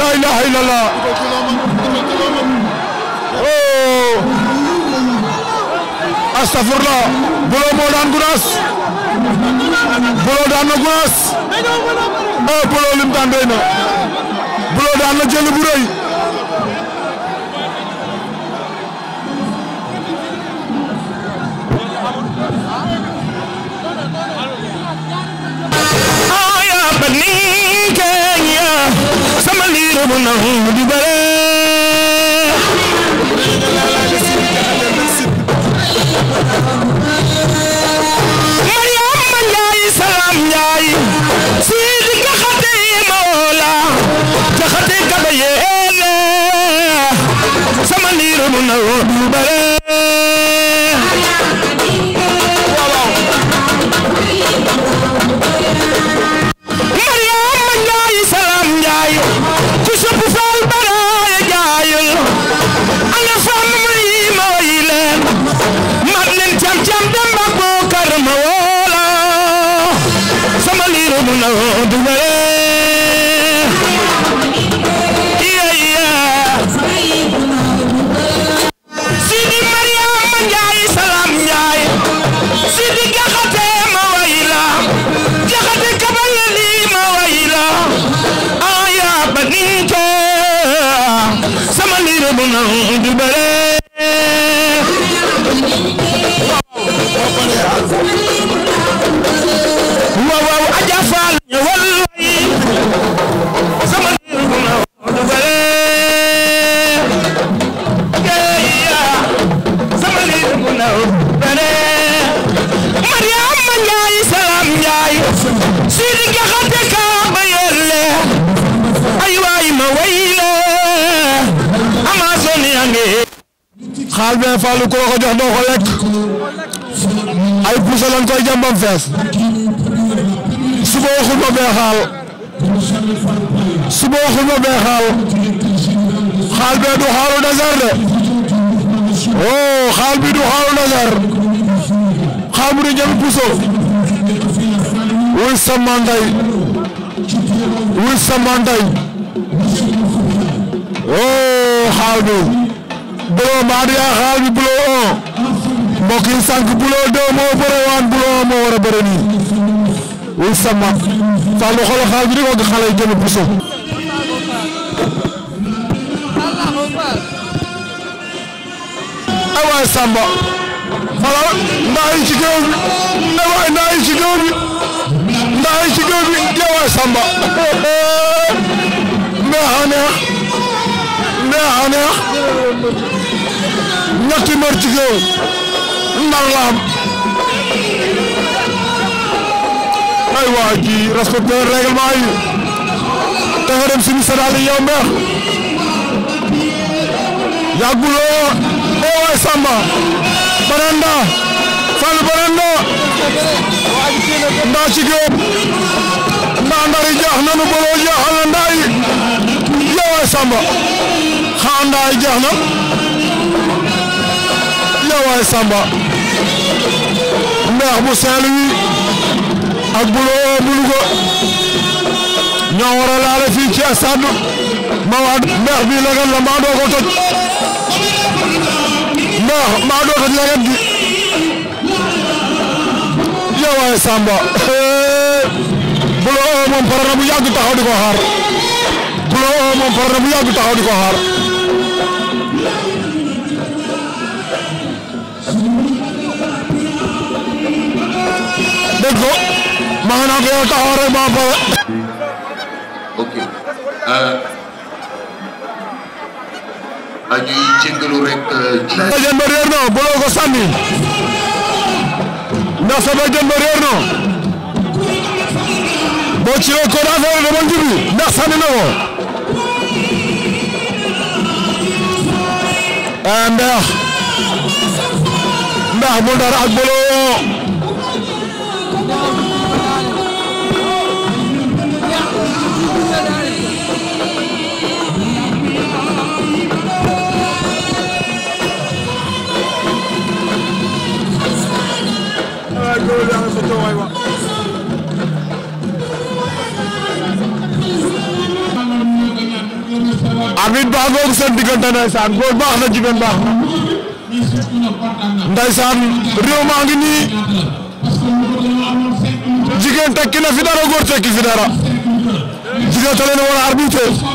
la ilaha illallah oh astafurlah bulo moo daan gunaas bulo daan na gunaas oh bulo lim daan doy na bulo daan na jëli bu rëy ah, But me. sama liir bu naw di bare Mariama Njaay salaam Njaay Sidi Jaxate Maola Jaxate kaba yeene sama liir bu naw di bare nga ko jox doo ko lekk ay puso lañ koy jàmbam fees suba waxul ma bee xaal suba waxul ma bee xaal xaal bee du xaalu nasar de oh xaal bi du xaalu nasar xaal bu du ñami puso wuy samantay wuy samantay oh xaal bi bulo maadu yaa xaal bi bulo un mbokk yi sànq bulo deux moo bëre waan bulo un moo war a bëre nii wuy sama Fallou xoolal xaal bi di ko xale yi jëm puso ay eh waay Samba xoolal ndaa yi ci géew bi ay eh waay ndaa yi ci géew bi ndaa yi ci géew bi ay eh waay Samba [laughs] neex a neex neex a neex ñetti mërtigo ndar la am ay waa ji respecté règlement yi dafa dem suñu sédal yi yow mbeex yàgguloo eh waay Samba Baranda Fall Baranda ndaa ci géew ndaa ndari jaax nanu boloo jaaxal ndaa yi yow eh waay Samba xaa ndaa yi waay Samba ndax bu Saint-Louis ak bu bu Louga ñoo war a laale fii ci stade Mawade ndax bii lagat la mbaa doo ko toj ndax mbaa doo toj lagat gi yow waay Samba [laughs] bu loo moom pare na bu yàgg taxaw di ko xaar bu loo moom pare na bu yàgg taxaw di ko xaar dégg ko ma nga naan ko yow taxaw rek maa pare. ok euh, euh, a na bu loo ko sànni ndax sama na boo ci ko daa fay dama njubi ndax na ko. Eh, ndax ndax mu dara ak bu Arvind Bhagwan is a ticket and I said, go back to Jigan Bhagwan. I said, Rio Mangini, Jigan Tekki na Fidara Gor Tekki Fidara. Jigan Tekki na Fidara Gor Tekki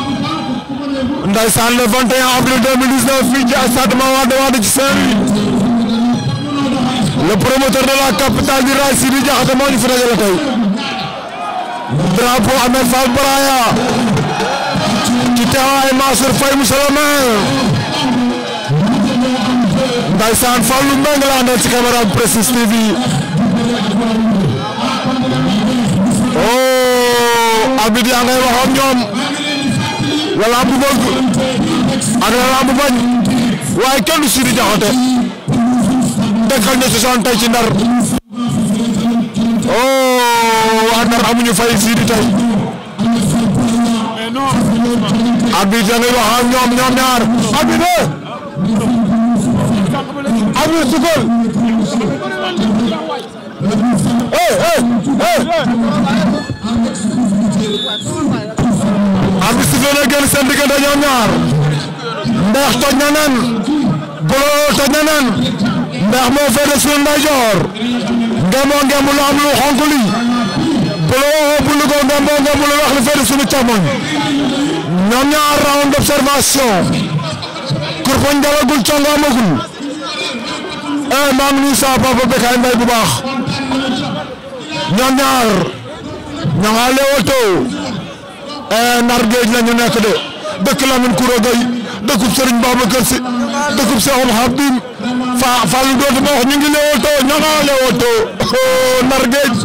Fidara. Jigan Tekki na Fidara Gor Tekki Fidara. I said, Levante, Abri, Demi, Dizna, Fidja, Sadma, Wadda, Wadda, Jisani. le promoteur de la capitale du rail Sidi Diakhaté moo ñu fi dajale tey drapeau Ahmed Fall Braya ci teewaay Mansour Faye monsieur le maire ndaysaan Fallou Mbengue laa ci caméra bu TV oh arbitre yaa ngay wax ak ñoom la lamb bëgg ak la bañ waaye kenn du Sidi dekkal ñu cosaan tey ci ndar oh waa ndar amuñu fay fii di tey arbitre da ngay wax ak ñoom ñoom ñaar arbitre arbitre sukol eh, eh, eh. ndax toj na nan ndax moo féete suñu ndeyjoor ngemoo ngemu lu am lu xonk li bu la waxoo bu lu ko ngemoo ngemu lu wax lu féete suñu càmmoñ ñoom ñaar round d'observation kurpoñ dalagul congo amagul eh maa ngi nuyu saa papa Bécaye Mbaye bu baax ñoom ñaar ña ngaa leewatoo eh ndar géej la ñu nekk de dëkk Lamine Koura Gueye dëkkub Serigne Babacar Sy dëkkub Cheikhoul Khadim fa Fallou dootu ma wax ngi leewtoo ña nga leewtoo ndar géej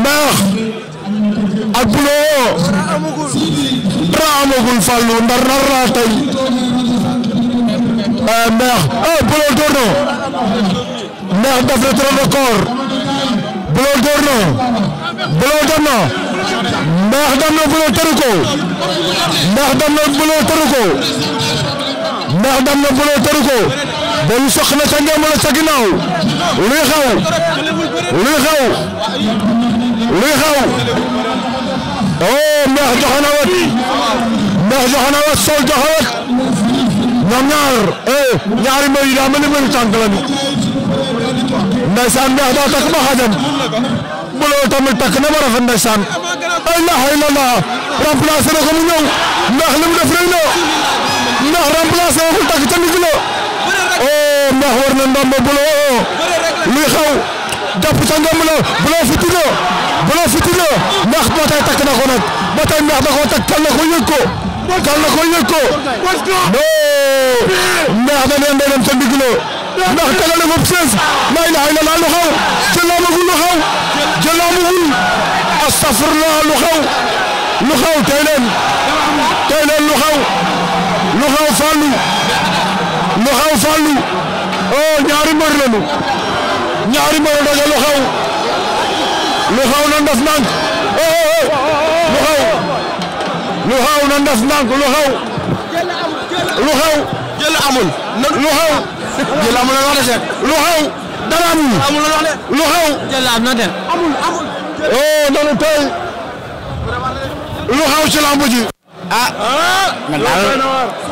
ndax ak buloo dara amagul Fallou ndar nar laa tey ndax eh, daf la trop de eh, buloo door buloo dem na ndax dem na buloo tëru ko buloo tëru ko ndax dam na bëre tëru ko ba ñu sox na sa ngëm la sa ginnaaw luy xaw luy xaw luy xaw oh ndax joxe na wat ndax joxe na wat sol joxe wat ñoom ñaar eh ñaari mbéy yi daa mel ni mbéyu tànk la ni ndaysaan ndax daa takk ba xajam bëloo tamit takk na ba rafet ndaysaan ay la xay la la remplacé na ko mu ñëw ndax li mu def rek na ndax remplacé wu ko takk ca ndigg la oh ndax war na ndomba bu la oh. luy xaw jàpp ca ndomb la bu la futti la bu la ba tey takk na ko ba tey ndax da koo takk kal na ko yëg ko kal na ko yëg xaw jëlaamagul lu xaw lu xaw lu xaw tey leen lu xaw lu xaw Fallou lu xaw Fallou oh ñaari mbër lañu ñaari mbër daga lu xaw lu xaw na ndaf ndànk oh, oh, oh lu xaw lu xaw na ndaf ndànk lu xaw lu xaw jël amul lu xaw jël amul la wax de lu xaw dara amul amul la wax de lu xaw jël am na de amul amul oh dañu tey lu xaw ci lamb ji ah, ah.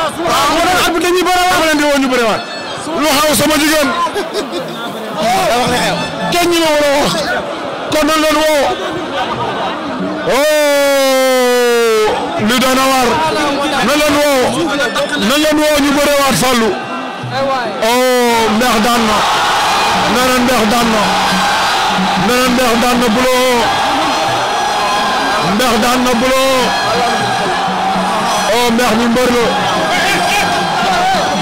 waaw moo doon at bi dañuy bëriwaat dama leen di woo ñu bëriwaat. lu xaw sama jigéen. kenn ñu ma war a wax. kon dañ leen woo. oh. li doon a war. na leen woo. na leen woo ñu bëriwaat Fallou. oh mbeex daan na. nee na mbeex daan na. nee na mbeex daan na buloo. mbeex daan na buloo. oh mbeex mi mbër la.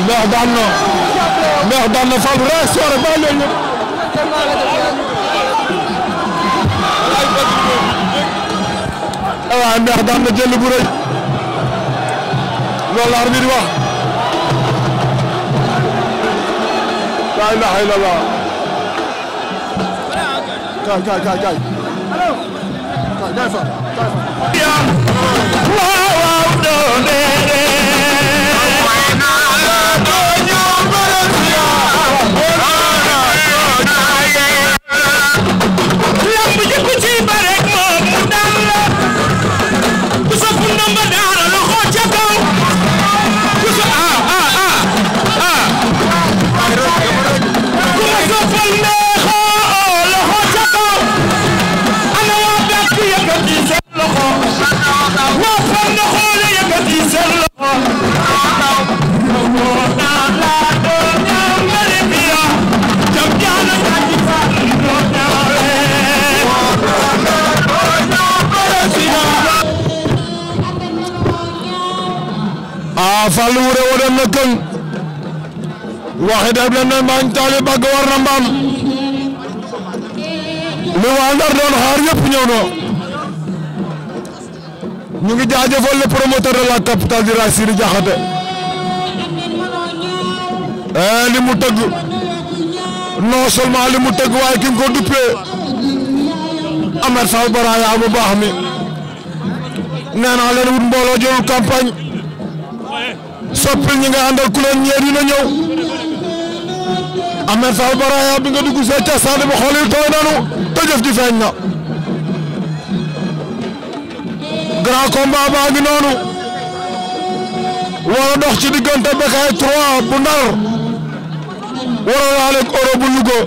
Mbekh daan na Mbekh daan na Fallou réaction rek bàyyi leen ñëpp. waaw ah, Mbekh daan na jël bu rëy loolu laa di wax. laa ilaaha illallaah. kaay kaay kaay kaay. kaay kaay fa kaay fa. waaw waaw doon Господи! Daa Fallu wure wo den na këng waxi def den na mbaañ taali bagg war na mbaam li waa Ndar doon xaar yëpp ñëw na ñu ngi jaajëfal le promoteur de la capitale di Rassirou Diakhaté ee eh, li mu tëgg non seulement li mu tëgg waaye ki nga ko duppee Ahmed Fall Baraya bu baax mi nee naa leen wut mbooloo jëlul campagne soppil ñi nga àndal ku leen ñeer yi na ñëw Ahmed Fall Baraya bi nga dugg see ca ba xool yi tooy nanu te jëf ji feeñ na grand combat baa ngi noonu war dox ci diggante Bécaye 3 bu Ndar war a laale ak Euro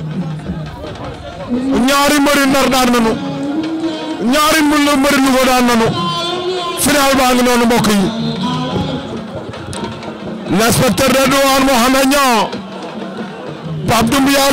ñaari mbëri Ndar daan nanu ñaari mbëri Louga daan nanu final baa ngi noonu mbokk نسپت رنوان محامبیاں تھا ڈومیا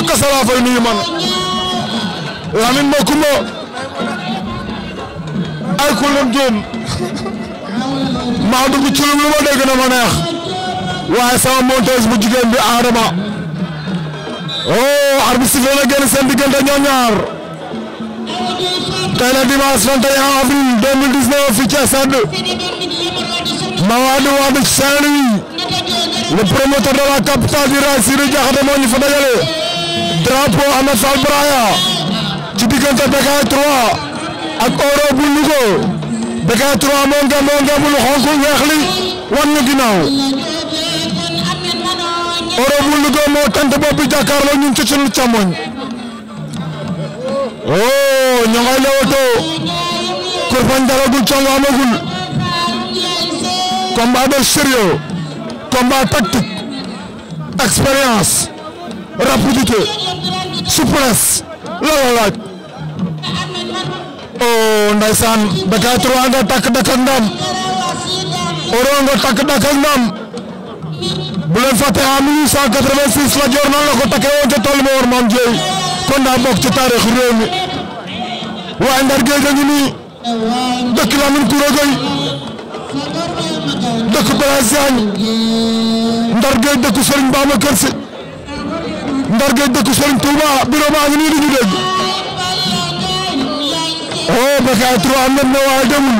کس والا فری میری من رو کل damaa dugg ci lu ma na ma neex waaye sama monteuse bu jigéen bi Adama oh arbitre sifflé na génn seen diggante ñoom ñaar tey la dimanche 21 avril 2019 fii ci stade Mawade Wade Saint-Louis le promoteur fa dajale drapeau Ahmed Fall Braya ci diggante Bécaye 3 ak Oro bu Bécaye 3 moo ngi moo ngi amul xonk weex li wan ñu ginnaaw oro bu Louga moo tant bopp bi jàkkaarloo ñun ci sunu càmmoñ oo oh, ña ngay lewatoo kurfañ dalagul cong amagul combat de sérieux combat tactique expérience rapidité souplesse la la o oh, ndaysaan Dakar trois nga takk dakk ak ndam oro nga takk dakk ak ndam bu leen fàtte en 1886 la joor nan la ko takkee woon ca tool ba war maam kon daa bokk taarix réew mi waaye a ngi nii dëkk Lamine Koura Gueye dëkk Blaise Diagne ndar géej dëkk Serigne Babacar Sy ndar géej dëkk Serigne Touba bureau nii di ñu dégg oh bakay 3 am na waaye demul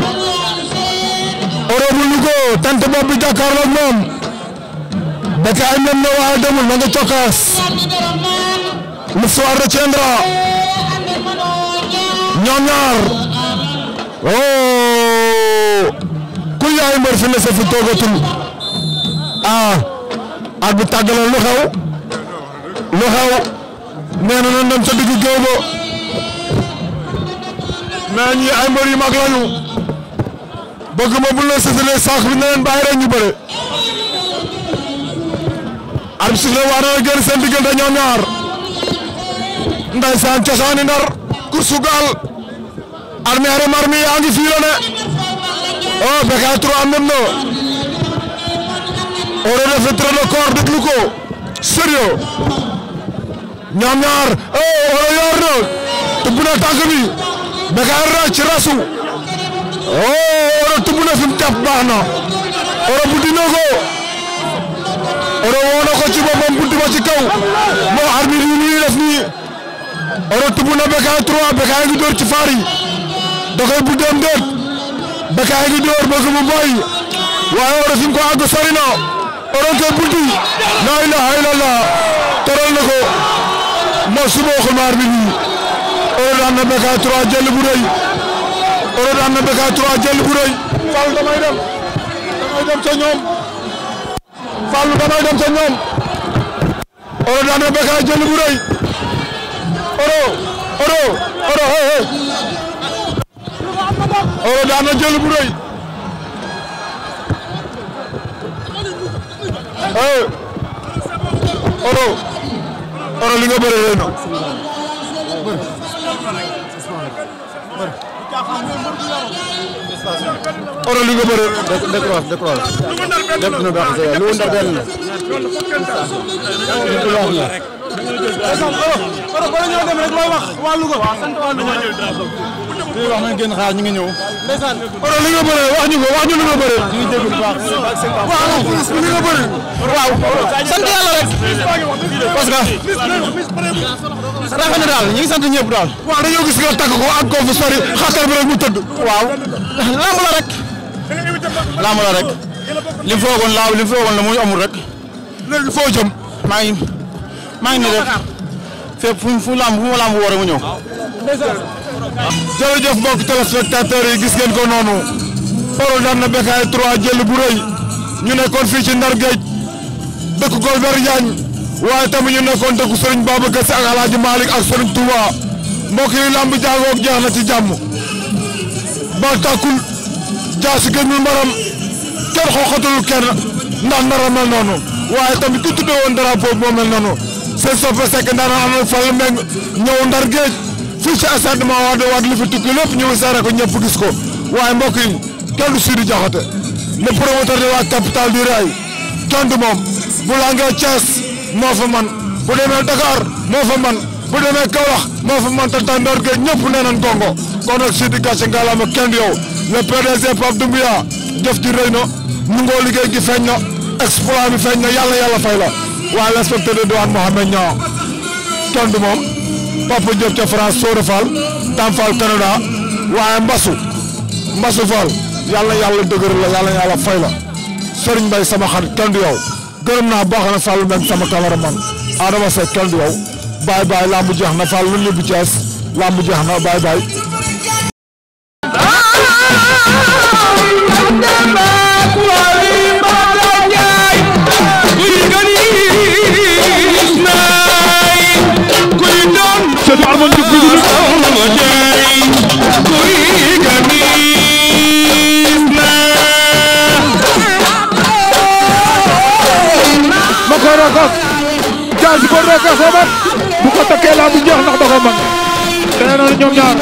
orobu lugo tant bopp bi jàkkaarloog moom bakay am na waaye demul ma nga cokkaas Moussa retiendra ñoom oh ku yaay mbër fi ne sa fi toogatul ah ak bu tàggaloo lu xew lu xew nee na dem ca digg géew mais ñii ay mbër yu mag lañu bëgg ma bu la sësalee saako bi na leen bàyyi rek ñu bëre. arbitre suuf la war na gën seen diggante ñoom ñaar cosaani ndar kursu gaal armeeru marmi yaa ngi fii la ne oh Bécaye am nañu na on refait trop le corps déglu ko sérieux ñoom ñaar oh wala yor na tëbb na tànk bi. Dakar rocc rasu oo oh, oro tubb na fi mu jàpp baax na oro buddi na ko oro woo na ko ci boppam buddi ba ci kaw moo arbitre yi ñuy def nii oro tubb na Bécaye 3 Bécaye ngi door ci faar yi da koy buddeem déet Bécaye ngi door bëgg mu bàyyi waaye oro fi mu ko àgg sori na oro koy buddi laa ilaaha illallaah tëral na ko moo suboo ko arbitre yi Euro daan na Bécaye 3 jël bu rëy Euro daan na Bécaye 3 jël bu damay dem damay damay dem ca ñoom Euro daan na Bécaye jël bu rëy Euro li nga bëre na oro li nga bëre décroche décroche lépp dina baax sa lu ndar benn la lépp baax la oro oro bala ñoo dem rek looy wax waa Louga li wax nañ ñu ngi ñëw. ndeysaan oro li nga bëre wax ñu ko wax ñu li nga bëre. ñu ngi déglu waaw li yàlla rek. parce que rafet daal ñu ngi sant ñëpp daal. waaw dañoo gis nga takk ko ak ko fu sori xatal bi rek mu tëdd. waaw lamb la rek. lamb la rek. li foogoon laaw li foogoon la muy amul rek. léegi foo jëm. maa ngi maa ngi ne rek. fépp fu fu lamb fu ma lamb woore mu ñëw. a jërëjëf mbokk téléspectateurs yi gis ngeen ko noonu Paul daan na Bécaye 3 jël bu ñu nekkoon fii ci Ndar Géej dëkk Golbert Diagne waaye tamit ñu nekkoon dëkku Serigne Babacar Sy ak El Hadj Malick ak Serigne Touba mbokk yi làmb jeex na ci jàmm ba tàkkul jaasi gëñul mbaram kenn xooxatul kenn ndax ndara mel noonu waaye tamit ku tuddee woon drapeau moo noonu seen soppe sekk ndaanaan am na fal mbeng ñëw Ndar Géej fiche assentement assainissement wad Wade li fi tukki lepp ñu wasaare ko ñepp gis ko waye mbokk yi kenn du Sidi Diakhaté le promoteur de la capitale du rail kenn mom bu la nga Thiès mo fa man bu demé Dakar mo fa man bu demé Kaolack mo fa man te tàndoor ge ñepp nenañ gongo kon nag Sidi gàcce ngalaama kenn yow le PDG pap Doumbia jëf ji rëy mu ngo liggéey gi feeñ exploit bi feeñ yalla yalla fay la wa l'inspecteur de douane mohammed ñaw kenn mom Papa Diop ca France Soore Fall Tam Fall Canada waaye Mbasu Mbasu Fall yàlla yàlla dëgër la yàlla yàlla fay la Serigne sama xarit kenn du yow gërëm naa baax na Fallou Mbengue sama cameraman Adama Seck kenn du yow bye bye làmb jeex na Fallou lu lépp Thiès làmb jeex na bye bye. Orange Bordeaux a Omar bu ko takkee laa bu da ko mën tene ñoom ñaar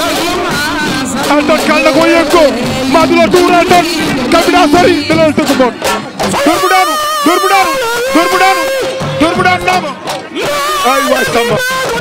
Anton kal na ko yëg ko maa du la a Anton kal bi daa sori da la tëgg boon bu daanu door bu daanu door bu daanu door bu daanu ay waay Samba